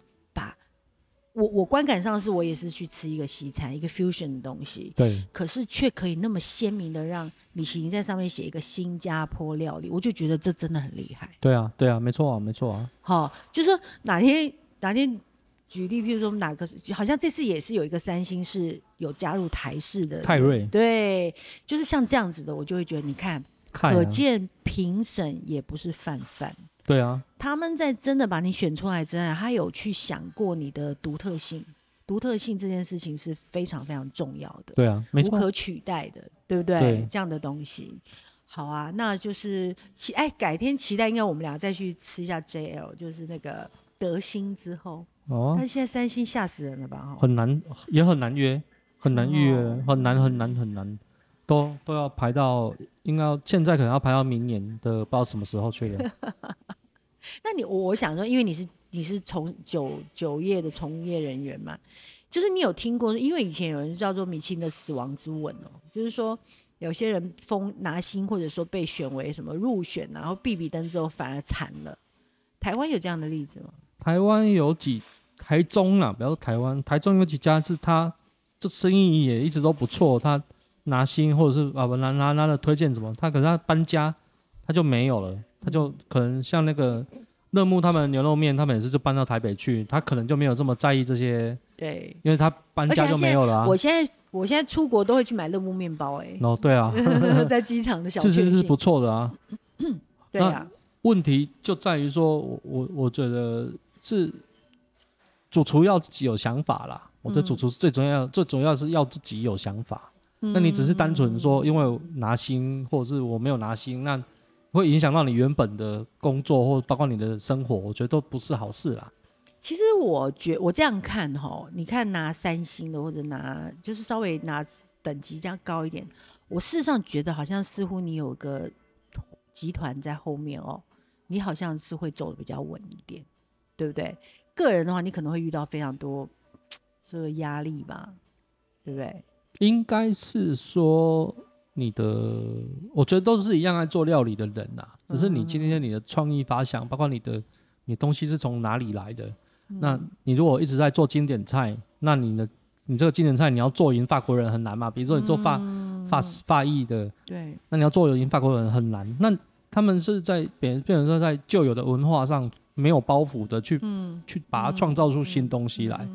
Speaker 1: 我我觀感上是我也是去吃一個西餐，一個 fusion 的東西，對，可是卻可以那麼鮮明的讓米其林在上面寫一個新加坡料理，我就覺得這真的很厲害。
Speaker 2: 對啊，對啊，沒錯啊，沒錯啊。
Speaker 1: 好、哦，就是哪天哪天舉例，比如說我們哪個好像這次也是有一個三星是有加入台式的泰瑞，對，就是像這樣子的，我就會覺得你看，啊、可見評審也不是泛泛。對啊，他們在真的把你選出來之後，他有去想過你的獨特性，獨特性這件事情是非常非常重要的，對啊，沒錯，無可取代的，對不對，對？這樣的東西，好啊，那就是期哎，改天期待應該我們倆再去吃一下 JL，就是那個德興之後哦、啊，但現在三星嚇死人了吧？很
Speaker 2: 難， 也很難約，很難預約，很難很難很難。都都要排到，應該現在可能要排到明年的不知道什麼時候去的。
Speaker 1: 那你我想說，因為你是你是從酒酒業的從業人員嘛，就是你有聽過，因為以前有人叫做米其林的死亡之吻哦、喔，就是說有些人封拿星，或者說被選為什麼入選，然後避避燈之後反而慘了。台灣有這樣的例子嗎？
Speaker 2: 台灣有幾台中啊，不要台灣，台中有幾家是他這生意也一直都不錯，他。拿新或者是啊不拿拿拿的推薦怎麼？他可是他搬家，他就沒有了，嗯、他就可能像那個樂木他們牛肉麵，他們也是就搬到台北去，他可能就沒有這麼在意這些。對，因為他搬家他就沒有了、啊。我現
Speaker 1: 在我現在出國都會去買樂木麵包、欸，哎哦，
Speaker 2: 對啊， 在機場的小確幸是是，是不錯的啊。 對啊，問題就在於說，我我覺得是主廚要自己有想法啦。我對主廚是最重要，嗯、最重要是要自己有想法。
Speaker 1: 嗯、那你只是單
Speaker 2: 純說，因為拿星或者是我沒有拿星，那會影響到你原本的工作，或包括你的生活，我覺得都不是好事啦。
Speaker 1: 其實我覺得我這樣看哈、喔，你看拿三星的或者拿就是稍微拿等級這樣高一點，我事實上覺得好像似乎你有個集團在後面哦、喔，你好像是會走得比較穩一點，對不對？個人的話，你可能會遇到非常多這個壓力吧，對不對？
Speaker 2: 應該是說，你的我覺得都是一樣愛做料理的人吶、啊，只是你今天你的創意發想，包括你的，你的東西是從哪裡來的？那你如果一直在做經典菜，那你的你這個經典菜你要做贏法國人很難嘛？比如說你做法法法意的，對，那你要做贏法國人很難。那他們是在比，比如說在舊有的文化上沒有包袱的去去把它創造出新東西來。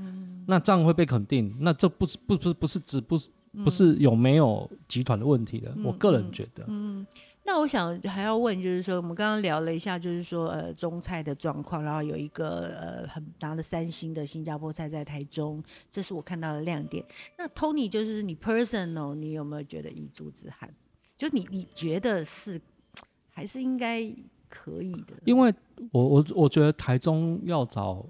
Speaker 2: 那這樣會被肯定，那這不是不是不是指，不是不是有沒有集團的問題的、嗯？我個人覺得，嗯，
Speaker 1: 嗯，那我想還要問，就是說我們剛剛聊了一下，就是說呃中菜的狀況，然後有一個呃很大的三星的新加坡菜在台中，這是我看到的亮點。那 Tony 就是你 personal，你有沒有覺得遺珠之憾？就你你覺得是還是應該可以的？
Speaker 2: 因為我我我覺得台中要找。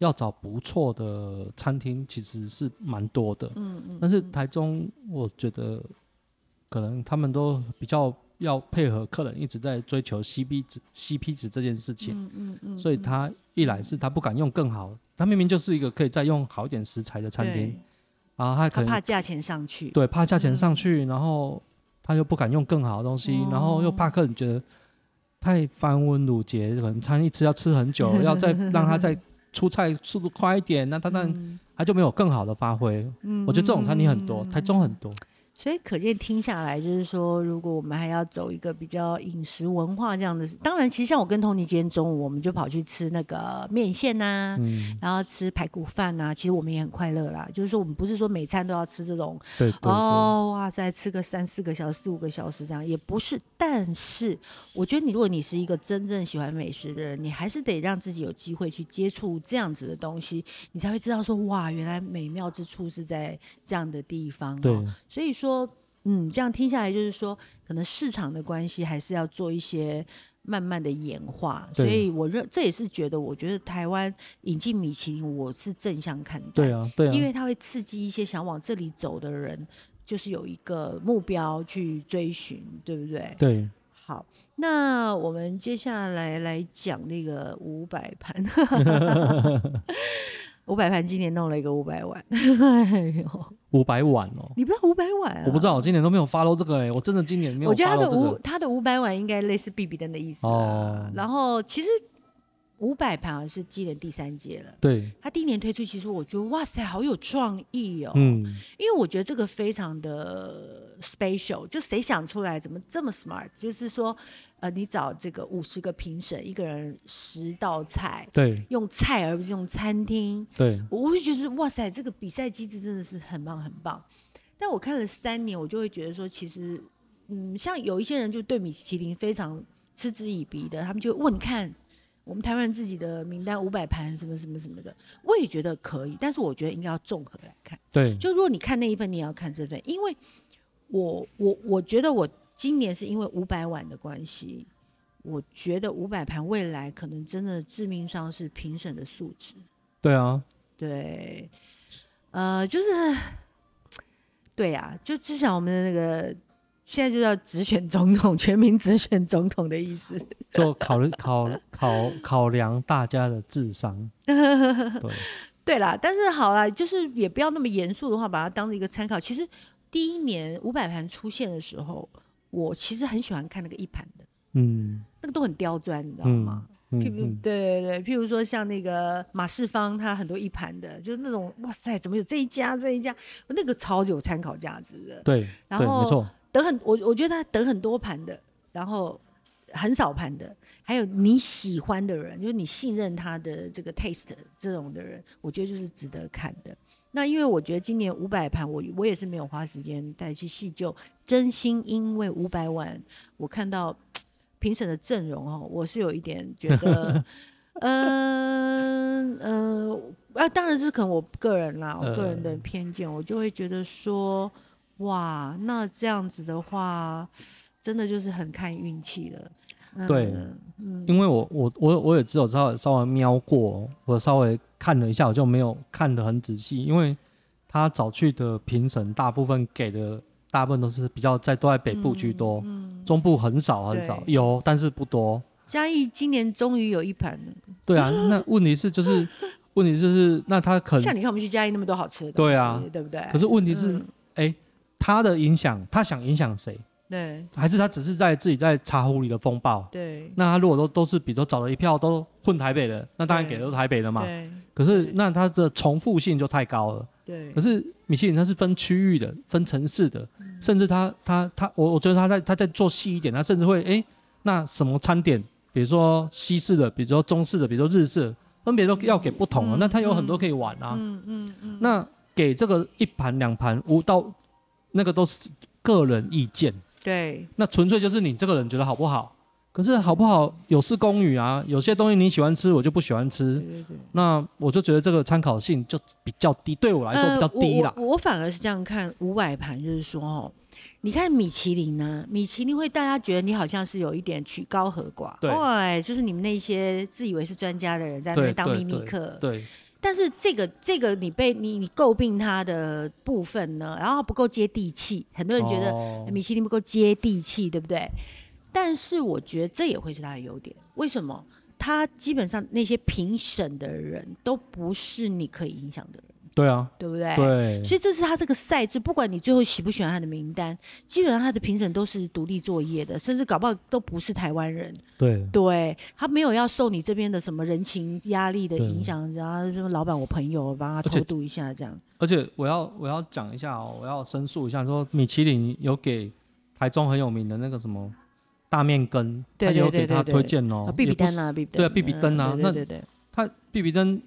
Speaker 2: 要找不錯的餐廳其實是蠻多的，嗯嗯，但是台中我覺得可能他們都比較要配合客人，一直在追求 C P 值 C P 值這件事情，嗯嗯，嗯，所以他一來是他不敢用更好的，嗯，他明明就是一個可以再用好一點食材的餐廳，然後他可能他怕價
Speaker 1: 錢上去，對，怕
Speaker 2: 價錢上去，嗯，然後他又不敢用更好的東西，嗯，然後又怕客人覺得太繁文縟節，可能餐一吃要吃很久， 要再讓他再。出菜速度快一點，那當然他就沒有更好的發揮。嗯，嗯，嗯、我覺得這種餐廳很多，台中很多。
Speaker 1: 所以可見聽下來，就是說，如果我們還要走一個比較飲食文化這樣的，當然，其實像我跟 Tony 今天中午，我們就跑去吃那個麵線吶、啊嗯，然後吃排骨飯吶、啊，其實我們也很快樂啦。就是說，我們不是說每餐都要吃這種，對對對，哦，哇塞，吃個三四個小時、四五個小時，這樣也不是。但是，我覺得你如果你是一個真正喜歡美食的人，你還是得讓自己有機會去接觸這樣子的東西，你才會知道說，哇，原來美妙之處是在這樣的地方、啊。對，所以說。說嗯，這樣聽下來就是說，可能市場的關係還是要做一些慢慢的演化。所以我認這也是覺得，我覺得台灣引進米其林，我是正向看待。對啊，對啊，因為它會刺激一些想往這裡走的人，就是有一個目標去追尋，對不對？對。好，那我們接下來來講那個五百盤。 五百盤今年弄了一個五百萬，
Speaker 2: 五百碗哦！
Speaker 1: 你不知道五百碗？我不
Speaker 2: 知道，今年都沒有 follow 這個、欸、我真的今年沒有、follow 這個。我覺得他的五
Speaker 1: 他的五百碗應該類似必比登的意思、啊哦，然後其實。五百盤好像是今年第三屆了。對。他第一年推出，其實我覺得哇塞，好有創意哦。嗯。因為我覺得這個非常的 special，就誰想出來，怎麼這麼 smart？就是說，呃，你找這個五十個評審，一個人十道菜。對。用菜而不是用餐廳。對。我會覺得哇塞，這個比賽機制真的是很棒很棒。但我看了三年，我就會覺得說，其實，嗯，像有一些人就對米其林非常嗤之以鼻的，他們就問看。我們台灣人自己的名單五百盤什麼什麼什麼的，我也覺得可以，但是我覺得應該要綜合來看。對，就如果你看那一份，你也要看這份，因為我我我覺得我今年是因為五百碗的關係，我覺得五百盤未來可能真的致命傷是評審的素質。對啊，對，呃，就是對呀、啊，就至少我們的那個。現在就叫直選總統，全民直選總統的意思，
Speaker 2: 做考考考考量大家的智商。
Speaker 1: 對對啦，但是好了，就是也不要那麼嚴肅的話，把它當做一個參考。其實第一年五百盤出現的時候，我其實很喜歡看那個一盤的，嗯，那個都很刁鑽，你知道嗎？嗯嗯、譬如對對對，譬如說像那個馬世芳，他很多一盤的，就是那種哇塞，怎麼有這一家這一家，那個超級有參考價值的。
Speaker 2: 對，然後。對
Speaker 1: 得很，我我覺得他得很多盤的，然後很少盤的，還有你喜歡的人，就是你信任他的這個 taste 這種的人，我覺得就是值得看的。那因為我覺得今年五百盤，我我也是沒有花時間再去細究，真心因為五百萬，我看到評審的陣容哦，我是有一點覺得，嗯 嗯、呃，那、呃啊、當然是可能我個人啦，我個人的偏見，呃、我就會覺得說。哇，那這樣子的話，真的就是很看運氣了。嗯、對、嗯，
Speaker 2: 因為我我我我也只有稍微稍微瞄過，我稍微看了一下，我就沒有看得很仔細，因為他早去的評審大部分給的大部分都是比較在都在北部居多，嗯嗯、中部很少很少有，但是不多。
Speaker 1: 嘉義今年終於有一盤了。
Speaker 2: 對啊，那問題是就是 問題就是那他可能像你
Speaker 1: 看我們去嘉義那麼多好吃的東西，對啊，對不對？可是
Speaker 2: 問題是哎。嗯欸他的影響，他想影響誰？
Speaker 1: 對，還
Speaker 2: 是他只是在自己在茶壺裡的風暴？對。那他如果都都是，比如說找了一票都混台北的，那當然給都台北的嘛。對。可是那他的重複性就太高了。對。可是米其林它是分區域的、分城市的，甚至他他他，我我覺得他在他在做細一點，他甚至會哎，那什麼餐點，比如說西式的，比如說中式的，比如說日式的，分別都要給不同的。嗯。那他有很多可以玩啊。嗯嗯嗯，嗯，嗯。那給這個一盤兩盤五到。那個都是個人意見，對，那純粹就是你這個人覺得好不好？可是好不好有失公允啊，有些東西你喜歡吃，我就不喜歡吃，對對對，那我就覺得這個參考性就比較低，對我來說比較低了，
Speaker 1: 呃。我反而是這樣看，五百盤就是說哦，你看米其林呢，米其林會大家覺得你好像是有一點曲高和寡，對、喔欸，就是你們那些自以為是專家的人在那邊當秘密客，對，對，對，對。但是這個這個你被你你詬病他的部分呢，然後不夠接地氣，很多人覺得米其林不夠接地氣，oh. 對不對？但是我覺得這也會是它的優點，為什麼？它基本上那些評審的人都不是你可以影響的人。
Speaker 2: 對啊，對不對？對，所以這
Speaker 1: 是他這個賽制，不管你最後喜不喜歡他的名單，基本上他的評審都是獨立作業的，甚至搞不好都不是台灣人。對，對他沒有要受你這邊的什麼人情壓力的影響，然後這個老闆我朋友幫他偷渡一下這樣。而
Speaker 2: 且，而且我要我要講一下哦，我要申訴一下，說米其林有給台中很有名的那個什麼大麵羹，他也有給他推薦哦，必比登、哦、必比登啊，對啊，必比登啊，必比登啊嗯、那對對，他必比登。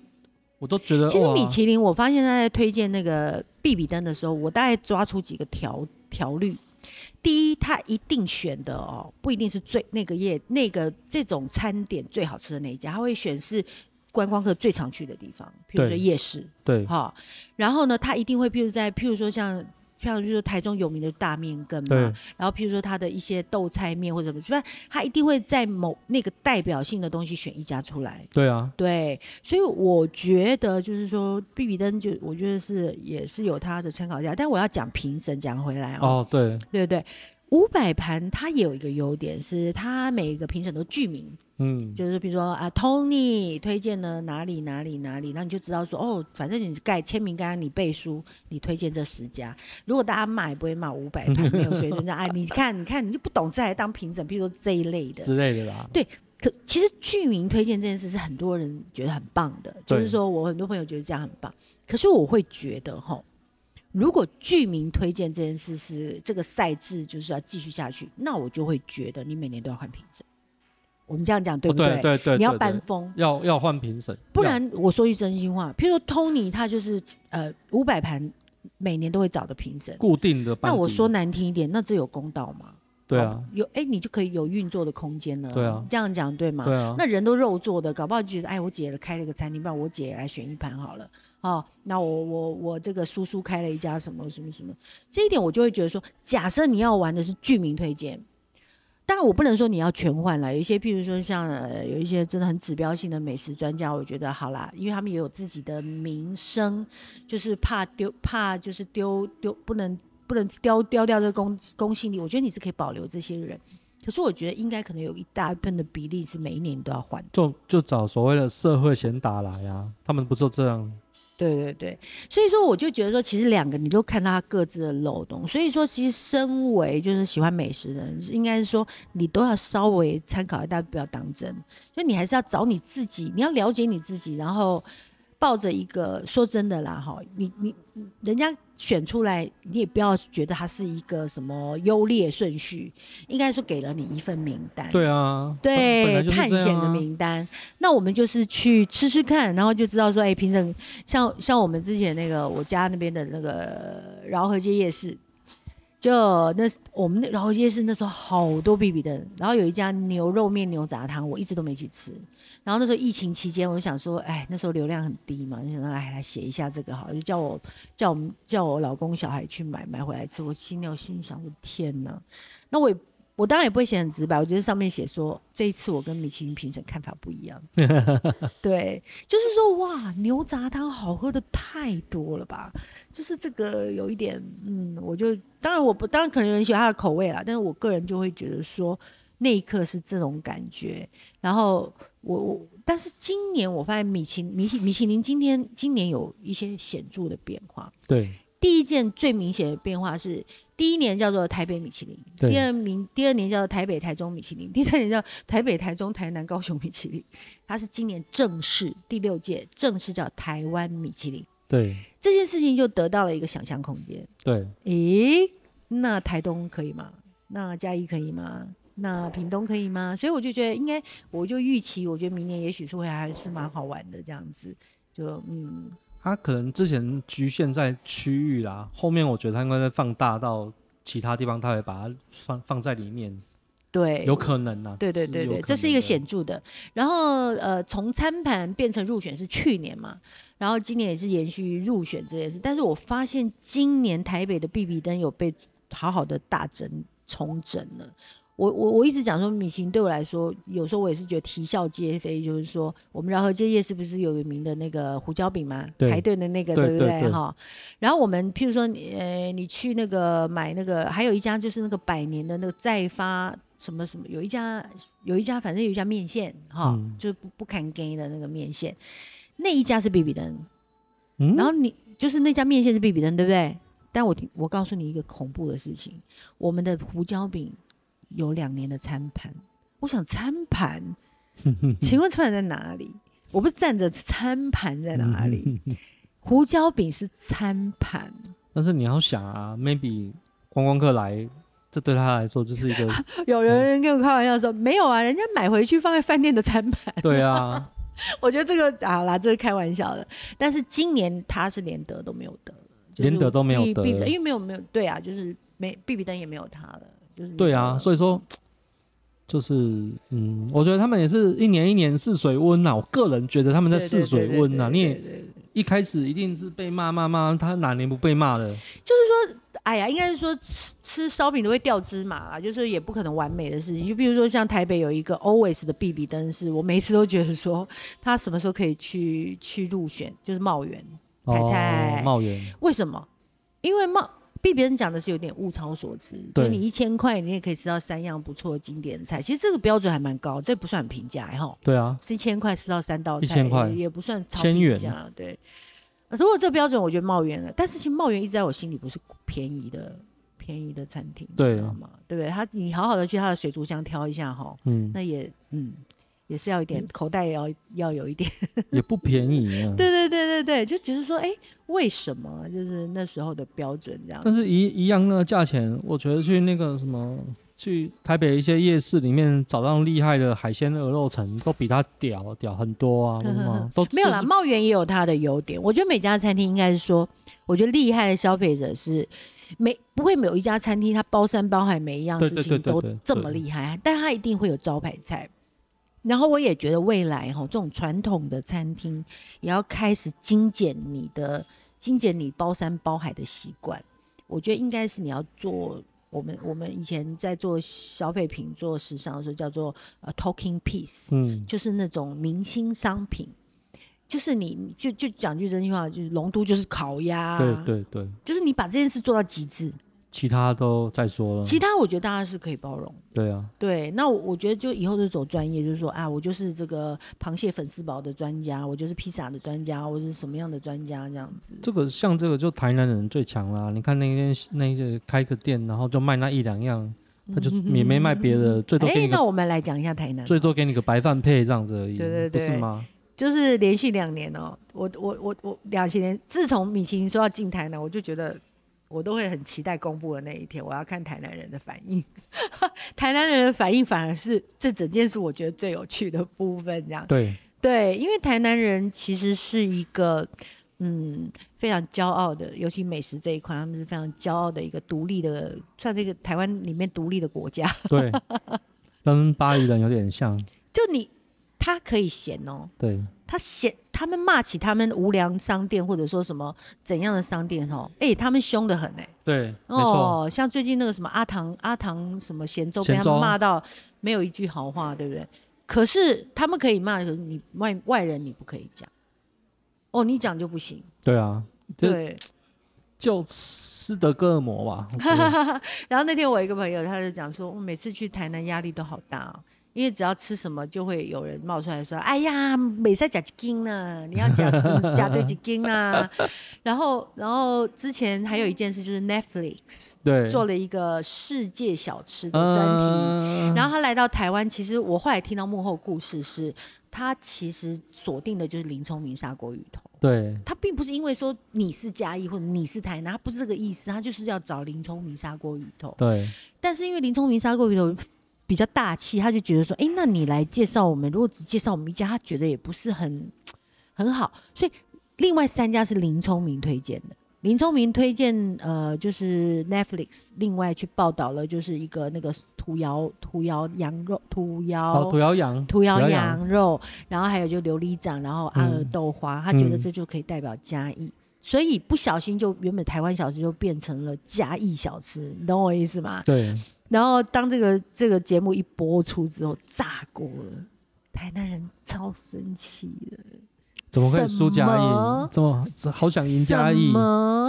Speaker 2: 我都覺得，其實米其
Speaker 1: 林，我發現他在，在推薦那個必比登的時候，我大概抓出幾個條條律。第一，他一定選的哦，不一定是最那個夜那個這種餐點最好吃的那一家，他會選是觀光客最常去的地方，比如說夜市，對，哈、哦。然後呢，他一定會，譬如在譬如說像。像就是台中有名的大麵羹嘛，對，然後譬如說他的一些豆菜麵或者什麼，就是他一定會在某那個代表性的東西選一家出來。對啊，對，所以我覺得就是說，必比登就我覺得是也是有它的參考價，但我要講評審講回來哦，
Speaker 2: 哦對，
Speaker 1: 對對。五百盤，它也有一個優點，是它每一個評審都具名，
Speaker 2: 嗯，就
Speaker 1: 是比如說啊，Tony 推薦了哪裡哪裡哪裡，那你就知道說，哦，反正你蓋簽名剛剛你背書，你推薦這十家，如果大家罵也不會罵五百盤，沒有學生在哎，你看你看你就不懂這還當評審，比如說這一類的之類的吧。對，可其實具名推薦這件事是很多人覺得很棒的，就是說我很多朋友覺得這樣很棒，可是我會覺得齁。如果具名推薦這件事是這個賽制就是要繼續下去，那我就會覺得你每年都要換評審。我們這樣講對不對？哦、對對對，你要搬風，
Speaker 2: 要要換評審。不然
Speaker 1: 我說句真心話，譬如說 Tony 他就是呃五百盤每年都會找的評審，固
Speaker 2: 定的。那我說
Speaker 1: 難聽一點，那這有公道嗎？對啊，有哎你就可以有運作的空間了。對啊，這樣講對嗎？對啊。那人都肉做的，搞不好就覺得哎，我姐也開了個餐廳，不然我姐也來選一盤好了。哦，那我我我這個叔叔開了一家什麼什麼什麼，這一點我就會覺得說，假設你要玩的是具名推薦，當然我不能說你要全換了，有一些譬如說像有一些真的很指標性的美食專家，我覺得好啦，因為他們也有自己的名聲，就是怕丟，怕就是丟丟不能不能丟丟掉這個公公信力，我覺得你是可以保留這些人，可是我覺得應該可能有一大部分的比例是每一年都要換，
Speaker 2: 就就找所謂的社會賢達來啊，他們不做這樣。
Speaker 1: 對對對，所以說我就覺得說，其實兩個你都看到他各自的漏洞，所以說其實身為就是喜歡美食的人，應該是說你都要稍微參考一下，但不要當真，就你還是要找你自己，你要了解你自己，然後。抱着一個說真的啦，哈，你你人家選出來，你也不要覺得它是一個什麼優劣順序，應該說給了你一份名單。
Speaker 2: 對啊，對，探險的名
Speaker 1: 單。那我們就是去吃吃看，然後就知道說，哎，平常像像我們之前那個我家那邊的那個饒河街夜市。就那我們那，然後也是那時候好多 BB 的人，然後有一家牛肉麵牛雜湯，我一直都沒去吃。然後那時候疫情期間，我就想說，哎，那時候流量很低嘛，就想唉來寫一下這個好，就叫我叫我們叫我老公小孩去買買回來吃。我心裡心想，我天吶，那我也。我當然也不會寫很直白，我覺得上面寫說這一次我跟米其林評審看法不一樣， 對，就是說哇牛雜湯好喝的太多了吧，就是這個有一點，嗯，我就當然我不當然可能有人喜歡它的口味啦，但是我個人就會覺得說那一刻是這種感覺，然後我我但是今年我發現米其米其米其林今天今年有一些顯著的變化，對，第一件最明顯的變化是。第一年叫做台北米其林，第二名，第二年叫做台北台中米其林，第三年叫台北台中台南高雄米其林，它是今年正式第六屆，正式叫台灣米其林。
Speaker 2: 對，
Speaker 1: 這件事情就得到了一個想象空間。
Speaker 2: 對，
Speaker 1: 誒，那台東可以嗎？那嘉義可以嗎？那屏東可以嗎？所以我就覺得，應該我就預期，我覺得明年也許是會還是蠻好玩的這樣子，
Speaker 2: 就嗯。他可能之前局限在區域啦，後面我覺得他應該再放大到其他地方，他會把它放放在裡面。對，有可能啊，對對對對，對，這是一
Speaker 1: 個顯著的。然後呃，從餐盤變成入選是去年嘛，然後今年也是延續入選這件事。但是我發現今年台北的必比登有被好好的大整重整了。我我我一直講說，米其林對我來說，有時候我也是覺得啼笑皆非。就是說，我們饒河街夜市不是有一名的那個胡椒餅嗎？排隊的那個，對，對不對？哈。然後我們，譬如說，呃，你去那個買那個，還有一家就是那個百年的那個再發什麼什麼，有一家有一家，反正有一家麵線，哈、哦嗯，就不不砍給的那個麵線，那一家是必比登、嗯。然後你就是那家麵線是必比登，對不對？但我我告訴你一個恐怖的事情，我們的胡椒餅。有兩年的餐盤，我想餐盤，請問餐盤在哪裡？ 我不是站着，餐盤在哪裡？ 胡椒餅是餐盤，
Speaker 2: 但是你要想啊，maybe 觀光,光客來，這對他來說就是一個。啊、
Speaker 1: 有人跟我開玩笑說、嗯，沒有啊，人家買回去放在飯店的餐盤。對
Speaker 2: 啊，
Speaker 1: 我覺得這個啊，好啦這個開玩笑的。但是今年他是連得都沒有得
Speaker 2: 了，連得都沒有得了、就是必必，因為沒有
Speaker 1: 沒有,沒有對啊，就是沒必比登也沒有他了。就是、對
Speaker 2: 啊，所以說，就是嗯，我覺得他們也是一年一年試水溫啊。我個人覺得他們在試水溫啊。你也一開始一定是被罵罵罵，他哪年不被罵的？就是說，
Speaker 1: 哎呀，應該是說吃吃燒餅都會掉芝麻、啊，就是也不可能完美的事情。就比如說像台北有一個 Always 的 B B 燈飾，我每一次都覺得說他什麼時候可以去去入選，就是茂園台菜。茂園為什麼？因為茂。被別人講的是有點物超所值，所以你一千塊你也可以吃到三樣不錯的經典菜，其實這個標準還蠻高，這不算很平價哈。對啊，是一千塊吃到三道菜，呃、也不算超平價。對，如果這個標準，我覺得茂園了。但是其實茂園一直在我心裡不是便宜的便宜的餐廳，知道嗎？對不、啊、對？他你好好的去他的水族箱挑一下哈，啊，嗯，那也嗯。也是要一點，嗯、口袋也要要有一點，
Speaker 2: 也不便宜啊。對
Speaker 1: 對對對對，就只是說，哎、欸，為什麼就是那時候的標準這樣？但是
Speaker 2: 一一樣那個價錢，我覺得去那個什麼，去台北一些夜市裡面找到厲害的海鮮鵝肉城，都比他屌屌很多啊呵呵呵、就是，沒有啦，
Speaker 1: 茂園也有它的優點。我覺得每家餐廳應該是說，我覺得厲害的消費者是每不會每一家餐廳，它包山包海每一樣事情對對對對對對都這麼厲害對對對對，但他一定會有招牌菜。然後我也覺得未來哈，哦，這種傳統的餐廳也要開始精簡你的精簡你包山包海的習慣。我覺得應該是你要做我們我們以前在做消費品、做時尚的時候叫做呃 talking piece，嗯，就是那種明星商品，就是你就就講句真心話，就是龍都就是烤鴨，對對對，就是你把這件事做到極致。
Speaker 2: 其他都再說了。其他
Speaker 1: 我覺得大家是可以包容。對啊。對，那我我覺得就以後就走專業，就是說啊，我就是這個螃蟹粉絲煲的專家，我就是披薩的專家，我是什麼樣的專家這樣子。這
Speaker 2: 個像這個就台南人最強啦，你看那些那些開個店，然後就賣那一兩樣，他就也沒賣別的，嗯、哼哼哼最多哎，那我
Speaker 1: 們來講一下台南、哦，最
Speaker 2: 多給你個白飯配這樣子而已，對對對，對，是嗎？
Speaker 1: 就是連續兩年哦，我我我我兩千年，自從米其林說要進台南，我就覺得。我都會很期待公布的那一天，我要看台南人的反應。 台南人的反應反而是這整件事我覺得最有趣的部分，這樣。對對，因為台南人其實是一個嗯非常驕傲的，尤其美食這一塊，他們是非常驕傲的一個獨立的，在那個台灣裡面獨立的國家。對，
Speaker 2: 跟巴黎人有點像。
Speaker 1: 就你。他可以閒哦、喔，對，他閒，他們罵起他們無良商店或者說什麼怎樣的商店吼、喔，哎、欸，他們兇得很呢、欸。
Speaker 2: 對，哦，
Speaker 1: 像最近那個什麼阿唐阿唐什麼賢州被他們罵到沒有一句好話，對不對、啊？可是他們可以罵你外外人，你不可以講，哦，你講就不行，
Speaker 2: 對啊，對，
Speaker 1: 就
Speaker 2: 斯德哥爾摩吧。
Speaker 1: 然後那天我一個朋友他就講說，我、哦、每次去台南壓力都好大啊、哦。因為只要吃什麼，就會有人冒出來說：“哎呀，美賽加幾斤呢、啊？你要加甲多幾斤啊？” 然後，然後之前還有一件事，就是 Netflix 對做了一個世界小吃的專題、呃。然後他來到台灣，其實我後來聽到幕後故事是，他其實鎖定的就是林聰明砂鍋魚頭。
Speaker 2: 對，他
Speaker 1: 並不是因為說你是嘉義或者你是台南，他不是這個意思，他就是要找林聰明砂鍋魚頭。
Speaker 2: 對，
Speaker 1: 但是因為林聰明砂鍋魚頭，比較大氣，他就覺得說：“哎、欸，那你來介紹我們，如果只介紹我們一家，他覺得也不是很很好。”所以另外三家是林聰明推薦的。林聰明推薦呃，就是 Netflix 另外去報道了，就是一個那個土窑土窑羊肉、土窑、哦、土窑
Speaker 2: 羊、土窑羊
Speaker 1: 肉羊，然後還有就琉璃掌，然後阿爾豆花、嗯，他覺得這就可以代表嘉義。嗯、所以不小心就原本台灣小吃就變成了嘉義小吃，你懂我意思嗎？對。然後當這個這個節目一播出之後，炸鍋了，台南人超生氣的。怎麼會輸嘉義？怎麼好想贏嘉義？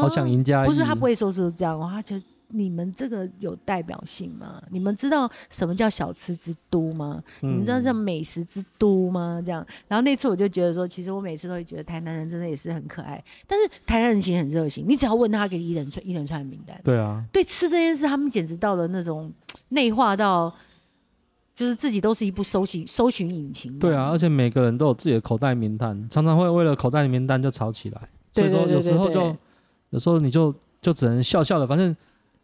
Speaker 1: 好想贏嘉義？不是，他不會說出這樣，他覺得。你們這個有代表性嗎？你們知道什麼叫小吃之都嗎？嗯、你們知道叫美食之都嗎？這樣，然後那次我就覺得說，其實我每次都會覺得台南人真的也是很可愛。但是台南人其實很熱情，你只要問他，給你一人串一人串的名單。對啊，對吃這件事，他們簡直到了那種內化到，就是自己都是一部搜尋搜尋引擎。
Speaker 2: 對啊，而且每個人都有自己的口袋名單，常常會為了口袋名單就吵起來。對對對對對對。所以說有時候就，有時候你就就只能笑笑的，反正。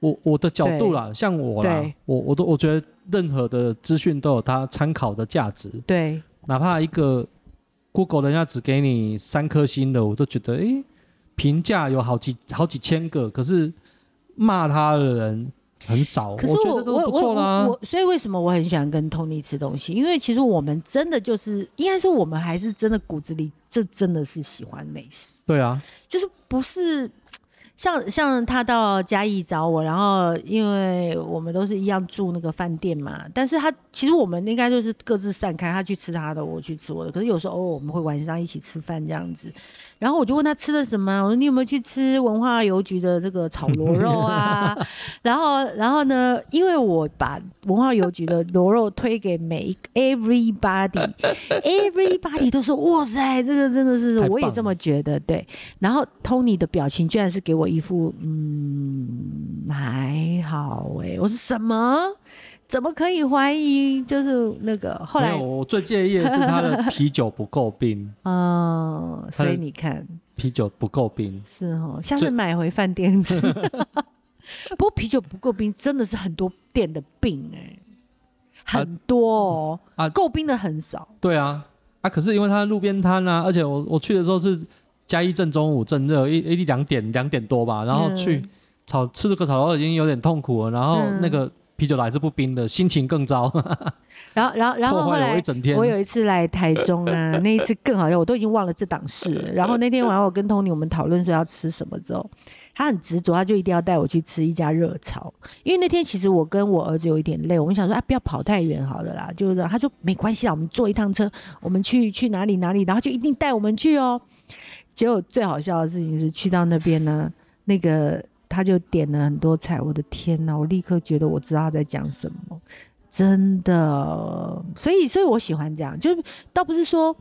Speaker 2: 我我的角度啦，像我啦，我我都我覺得任何的資訊都有它參考的價值。對，哪怕一個 Google 人家只給你三顆星的，我都覺得，哎，評價有好幾好幾千個，可是罵他的人很少。可是我我覺得都不錯，我我，我，我，
Speaker 1: 所以為什麼我很喜歡跟 Tony 吃東西？因為其實我們真的就是，應該說我們還是真的骨子裡就真的是喜歡美食。對啊，就是不是。像像他到嘉義找我，然後因為我們都是一樣住那個飯店嘛，但是他其實我們應該就是各自散開，他去吃他的，我去吃我的。可是有時候偶爾，哦，我們會晚上一起吃飯這樣子。然後我就問他吃了什麼、啊，我說你有沒有去吃文化郵局的這個炒螺肉啊？ 然後，然後呢？因為我把文化郵局的螺肉推給每一 everybody，everybody Everybody 都說哇塞，這個真的是，我也這麼覺得，對。然後 Tony 的表情居然是給我一副嗯還好誒、欸，我說什麼？怎麼可以懷疑？就是那個後來沒有
Speaker 2: 我最介意的是他的啤酒不夠冰。嗯、 哦，所以你看，啤酒不夠冰是
Speaker 1: 哦，下次買回飯店吃。 不過啤酒不夠冰真的是很多店的病哎、欸啊，很多、哦、啊，夠冰的很少。
Speaker 2: 對啊，啊，可是因為他的路邊攤啊，而且我我去的時候是嘉義正中午正熱，一一兩點兩點多吧，然後去炒、嗯、吃這個炒肉已經有點痛苦了，然後那個。嗯啤酒來還是不冰的心情更糟呵
Speaker 1: 呵。然後，然後，然後後來我有一次來台中啊， 那一次更好笑，我都已經忘了這檔事了。 然後那天晚上我跟 Tony 我們討論說要吃什麼之後，他很執着，他就一定要帶我去吃一家熱炒。因為那天其實我跟我兒子有一點累，我們想說啊不要跑太遠好了啦。就是他說沒關係啊，我們坐一趟車，我們去去哪裡哪裡，然後就一定帶我們去哦。結果最好笑的事情是去到那邊呢，那個。他就點了很多菜，我的天吶！我立刻覺得我知道他在講什麼，真的。所以，所以我喜歡這樣，就是倒不是說，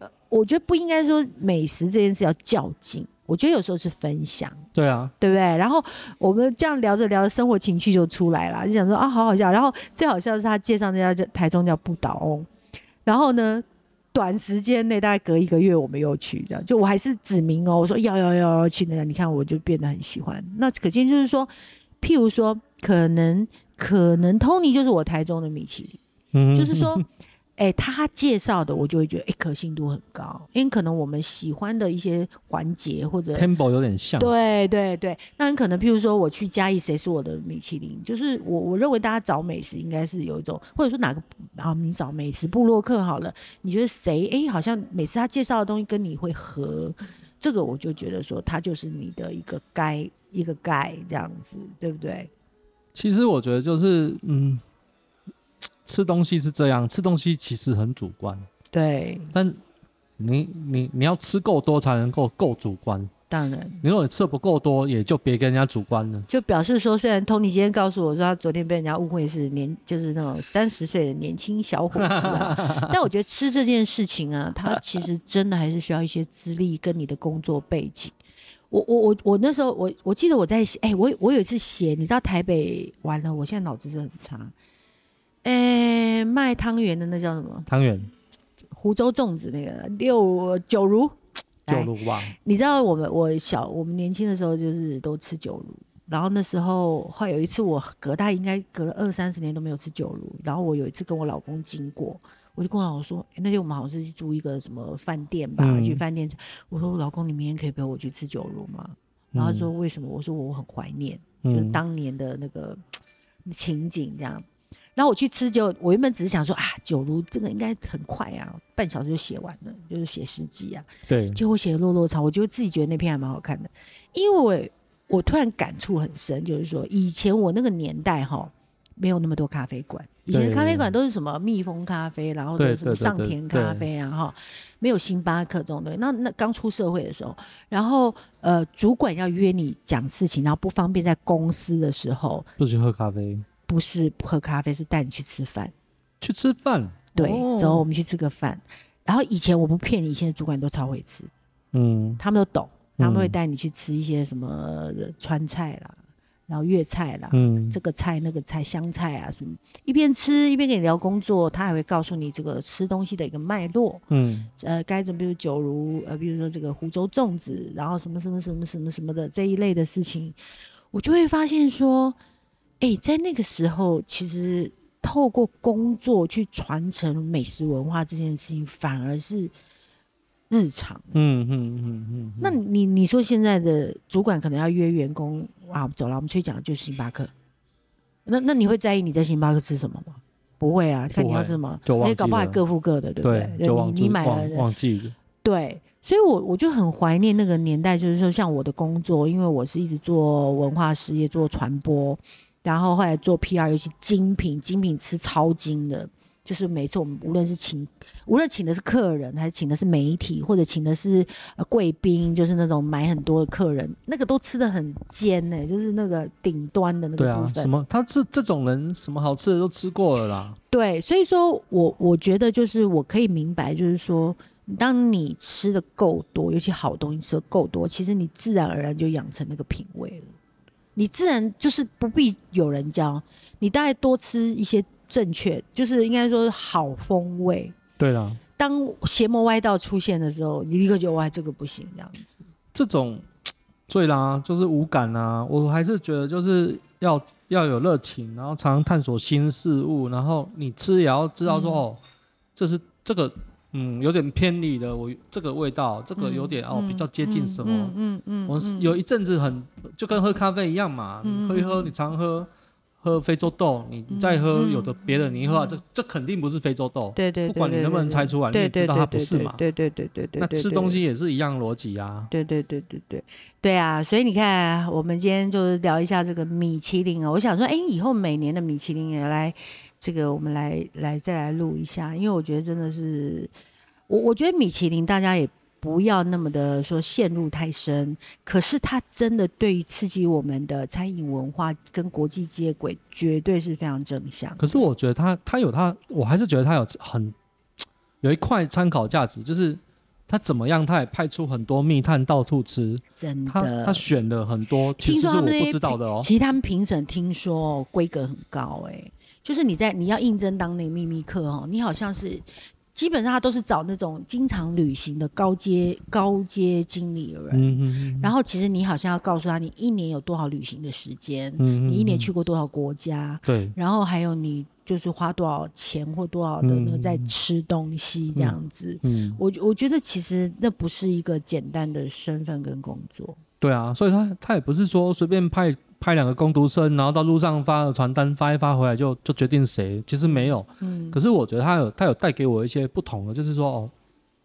Speaker 1: 呃，我覺得不應該說美食這件事要較勁，我覺得有時候是分享，對啊，對不對？然後我們這樣聊着聊着，生活情趣就出來了，就想說啊，好好笑。然後最好笑的是他介紹那家叫台中叫不倒翁，然後呢，短時間內大概隔一個月，我們又去這樣，就我還是指名哦，我說要要要要去那樣，你看我就變得很喜歡。那可見就是說，譬如說，可能可能 Tony 就是我台中的米其林，
Speaker 2: 嗯，就是說。
Speaker 1: 哎、欸，他介紹的我就會覺得一、欸、可信度很高，因、欸、為可能我們喜歡的一些環節或者 Temple
Speaker 2: 有點像，對
Speaker 1: 對對。那你可能譬如說，我去嘉義誰是我的米其林？就是我我認為大家找美食應該是有一種，或者說哪個啊，你找美食部落客好了，你覺得誰哎、欸，好像每次他介紹的東西跟你會合，這個我就覺得說他就是你的一個蓋一個蓋這樣子，對不對？
Speaker 2: 其實我覺得就是嗯。吃東西是這樣，吃東西其實很主觀。對，但你你你要吃夠多才能夠夠主觀。當然，你如果吃不夠多，也就別跟人家主觀了。
Speaker 1: 就表示說，雖然 Tony 今天告訴我說他昨天被人家誤會是年，就是那種三十歲的年輕小伙子，啊， 但我覺得吃這件事情啊，他其實真的還是需要一些資歷跟你的工作背景。 我我我我那時候我我記得我在寫，哎、欸，我我有一次寫，你知道台北完了，我現在腦子是很差。哎、欸，賣湯圓的那叫什麼？湯圓，湖州粽子那個六九如九如吧？你知道我們我小我們年輕的時候就是都吃九如，然後那時候後來有一次我隔代應該隔了二三十年都沒有吃九如，然後我有一次跟我老公經過，我就跟我老公說、欸：“那天我們好像是去住一個什麼飯店吧？嗯、去飯店吃，我說我老公，你明天可以陪我去吃九如嗎？”嗯、然後他說：“為什麼？”我說：“我很懷念，就是當年的那個、嗯、情景，這樣。”然後我去吃，就我原本只是想說啊，九如這個應該很快啊，半小時就寫完了，就是寫詩集啊。對，結果寫的落落草，我就自己覺得那篇還蠻好看的，因為我，我突然感觸很深，就是說以前我那個年代哈，沒有那麼多咖啡館，以前咖啡館都是什麼蜜蜂咖啡，然後是什麼上田咖啡啊哈，然後沒有星巴克這種的。那那剛出社會的時候，然後呃，主管要約你講事情，然後不方便在公司的時候，
Speaker 2: 就去喝咖啡。
Speaker 1: 不是不喝咖啡，是帶你去吃飯。
Speaker 2: 去吃飯？對，走，我們
Speaker 1: 去吃個飯、哦。然後以前我不騙你，以前的主管都超會吃，
Speaker 2: 嗯，
Speaker 1: 他們都懂，嗯、他們會帶你去吃一些什麼川菜啦，然後粵菜啦、嗯，這個菜那個菜，湘菜啊什麼，一邊吃一邊跟你聊工作，他還會告訴你這個吃東西的一個脈絡，嗯，呃，該怎麼，比如酒如，呃，比如說這個湖州粽子，然後什麼什麼什麼什麼什麼的這一類的事情，我就會發現說。哎、欸，在那個時候，其實透過工作去傳承美食文化這件事情，反而是日常。嗯嗯嗯嗯。那你你說現在的主管可能要約員工啊，走了我們去講就是星巴克。那那你會在意你在星巴克吃什麼嗎？不會啊，會看你要吃什麼。也搞不好還各付各的，對不對？對，你你買了忘，忘記了。對，所以我我就很懷念那個年代，就是說像我的工作，因為我是一直做文化事業，做傳播。然後後來做 PR，尤其精品，精品吃超精的，就是每次我們無論是請，無論請的是客人，還是請的是媒體，或者請的是貴賓，就是那種買很多的客人，那個都吃的很尖誒，就是那個頂端的那個部分。對啊，什麼？
Speaker 2: 他是這，這種人，什麼好吃的都吃過了啦。
Speaker 1: 對，所以說我我覺得就是我可以明白，就是說，當你吃的夠多，尤其好東西吃的夠多，其實你自然而然就養成那個品味了。你自然就是不必有人教，你大概多吃一些正確，就是應該說是好風味。
Speaker 2: 對啦，
Speaker 1: 當邪魔歪道出現的時候，你立刻就歪，這個不行這樣子。
Speaker 2: 這種，所以啦，就是無感啊。我還是覺得就是要要有熱情，然後常常探索新事物，然後你吃也要知道說、嗯、哦，這是這個。嗯，有點偏離的。我這個味道，這個有點、嗯、哦，比較接近什麼？嗯嗯,嗯,嗯,嗯，我有一陣子很就跟喝咖啡一樣嘛，嗯、喝一喝，你常喝，喝非洲豆，你再喝、嗯、有的別的，你喝、嗯、這這肯定不是非洲豆，對對,對,對,對,對對，不管你能不能猜出來，對對對對對對你也知道它不是嘛？對對對對,對對對對對。那吃東西也是一樣邏輯啊。對對對對對對,對,
Speaker 1: 對,對啊！所以你看、啊，我們今天就是聊一下這個米其林啊、哦，我想說，哎，以後每年的米其林也來。這個我們來來再來錄一下，因為我覺得真的是，我我覺得米其林大家也不要那麼的說陷入太深，可是它真的對於刺激我們的餐飲文化跟國際接軌，絕對是非常正向。可
Speaker 2: 是我覺得它它有它，我還是覺得它有很有一塊參考價值，就是它怎麼樣，它也派出很多密探到處吃，
Speaker 1: 真的，它
Speaker 2: 選了很多，聽說我不知道的哦、喔，其實
Speaker 1: 他們評審聽說規格很高、欸，哎。就是你在你要應徵當那秘密客哈、哦，你好像是基本上他都是找那種經常旅行的高階高階經理的人，嗯哼嗯，然後其實你好像要告訴他你一年有多少旅行的時間，嗯，嗯你一年去過多少國家，對，然後還有你就是花多少錢或多少的那個在吃東西這樣子，嗯，嗯，嗯，嗯，我我覺得其實那不是一個簡單的身份跟工作，
Speaker 2: 對啊，所以他他也不是說隨便派。派兩個工讀生，然後到路上發傳單，發一發回來就就決定誰。其實沒有，嗯，可是我覺得他有他有帶給我一些不同的，就是說哦，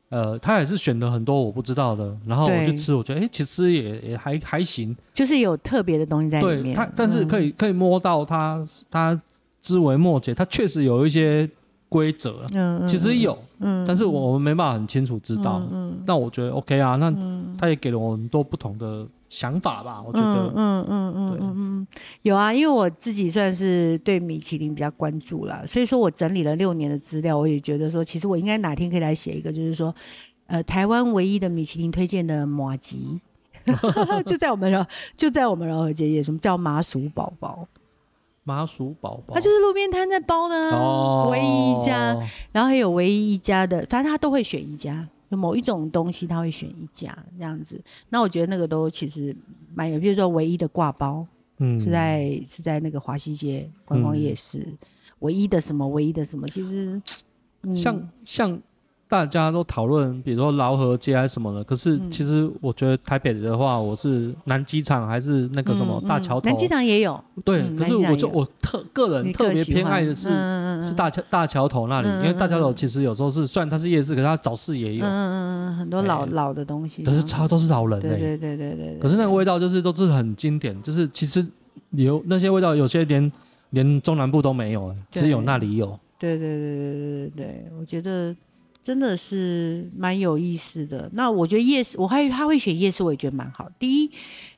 Speaker 2: 呃，他也是選了很多我不知道的，然後我就吃，我覺得哎、欸，其實也也還還行，
Speaker 1: 就是有特別的東
Speaker 2: 西在裡面。對，他、嗯、但是可以可以摸到他他枝微末節他確實有一些規則，嗯，其實有，嗯，但是我們沒辦法很清楚知道，嗯，那、嗯、我覺得 OK 啊，那、嗯、他也給了我很多不同的。想法吧，我
Speaker 1: 覺得，嗯嗯嗯嗯嗯，有啊，因為我自己算是對米其林比較關注了，所以說我整理了六年的資料，我也覺得說，其實我應該哪天可以來寫一個，就是說，呃，台灣唯一的米其林推薦的麻吉， 就在我們，就在我們饒河街也，什麼叫麻薯寶寶？
Speaker 2: 麻薯寶寶，它就是
Speaker 1: 路邊攤在包呢、哦，唯一一家，然後還有唯一一家的，反正他都會選一家。有某一種東西，他會選一家這樣子。那我覺得那個都其實蠻有，比如說唯一的刈包，嗯，是在是在那個華西街觀光夜市，嗯，唯一的什麼，唯一的什麼，其實，像，嗯、像、
Speaker 2: 像大家都討論，比如說饒河街，還是什麼的。可是其實我覺得台北的話，我是南機場還是那個什麼、嗯、大橋頭。嗯嗯、南機場也有。對、嗯有，可是我就我特個人特別偏愛的是、嗯、是大橋大橋頭那裡，嗯嗯、因為大橋頭其實有時候是算它是夜市，可是它早市也有。嗯嗯
Speaker 1: 嗯很多老、欸、老的東西都。可是差都是老人、欸。嗯、對，對，對對對對對。可
Speaker 2: 是那個味道就是都是很經典，就是其實有那些味道，有些連連中南部都沒有、欸，只有那裡有。對對對
Speaker 1: 對對對對，我覺得。真的是蠻有意思的。那我覺得夜市，我還以為他會寫夜市，我也覺得蠻好。第一，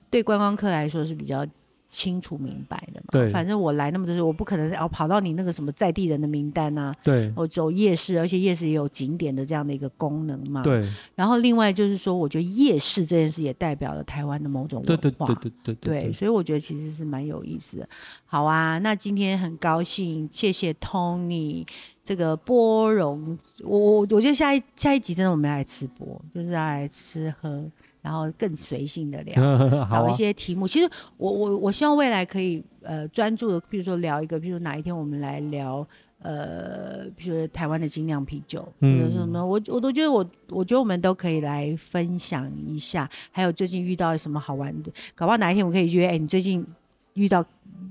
Speaker 1: 對觀光客來說是比較清楚明白的嘛。對，反正我來那麼多次，我不可能哦跑到你那個什麼在地人的名單啊。對，我走夜市，而且夜市也有景點的這樣的一個功能嘛。對。然後另外就是說，我覺得夜市這件事也代表了台灣的某種文化。對對對對對，
Speaker 2: 對，對。對，所
Speaker 1: 以我覺得其實是蠻有意思的。好啊，那今天很高興，謝謝 Tony 這個波榮。我我我覺得下一下一集真的我們來吃播，就是來吃喝。然後更隨性的聊呵呵、啊，找一些題目。其實我我我希望未來可以呃專注的，譬如說聊一個，譬如說哪一天我們來聊呃，譬如說臺灣的精釀啤酒或者、嗯、什麼。我我都覺得我我覺得我們都可以來分享一下，還有最近遇到什麼好玩的，搞不好哪一天我可以約。哎，你最近？遇到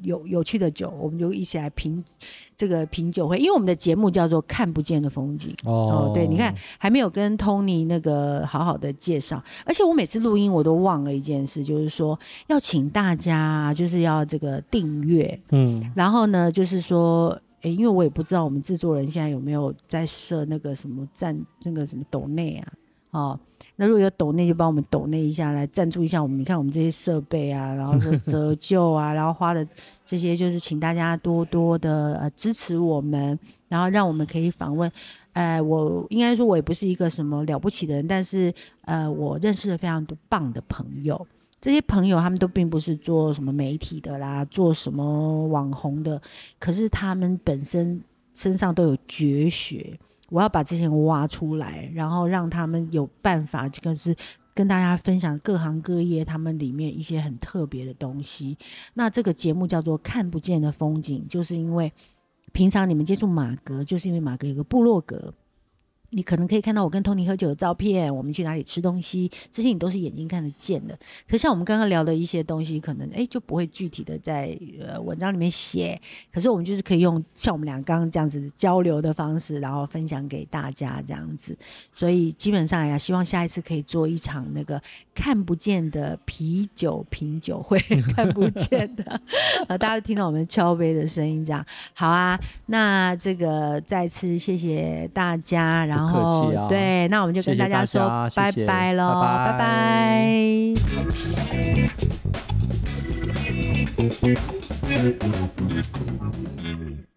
Speaker 1: 有有趣的酒，我們就一起來品這個品酒會。因為我們的節目叫做《看不見的風景》哦，哦對，你看還沒有跟 Tony 那個好好的介紹。而且我每次錄音我都忘了一件事，就是說要請大家就是要這個訂閱，嗯，然後呢就是說誒，因為我也不知道我們製作人現在有沒有在設那個什麼站，那個什麼抖內啊，哦。那如果有抖內，就幫我們抖內一下，來贊助一下我們。你看我們這些設備啊，然後說折舊啊，然後花的這些，就是請大家多多的支持我們，然後讓我們可以訪問。呃，我應該說我也不是一個什麼了不起的人，但是呃，我認識了非常多棒的朋友。這些朋友他們都並不是做什麼媒體的啦，做什麼網紅的，可是他們本身身上都有絕學。我要把之前挖出來，然後讓他們有辦法，就是跟大家分享各行各業他們裡面一些很特別的東西。那這個節目叫做《看不見的風景》，就是因為平常你們接觸馬格，就是因為馬格有個部落格。你可能可以看到我跟 Tony 喝酒的照片，我們去哪裡吃東西，這些你都是眼睛看得見的。可是像我們剛剛聊的一些東西，可能哎、欸、就不會具體的在呃文章裡面寫。可是我們就是可以用像我們倆剛剛這樣子交流的方式，然後分享給大家這樣子。所以基本上呀、啊，希望下一次可以做一場那個看不見的啤酒品酒會， 看不見的、啊、大家都聽到我們敲杯的聲音這樣。好啊，那這個再次謝謝大家，然然後、啊，對，那我們就跟大家說謝謝大家，拜拜嘍，拜拜。拜拜。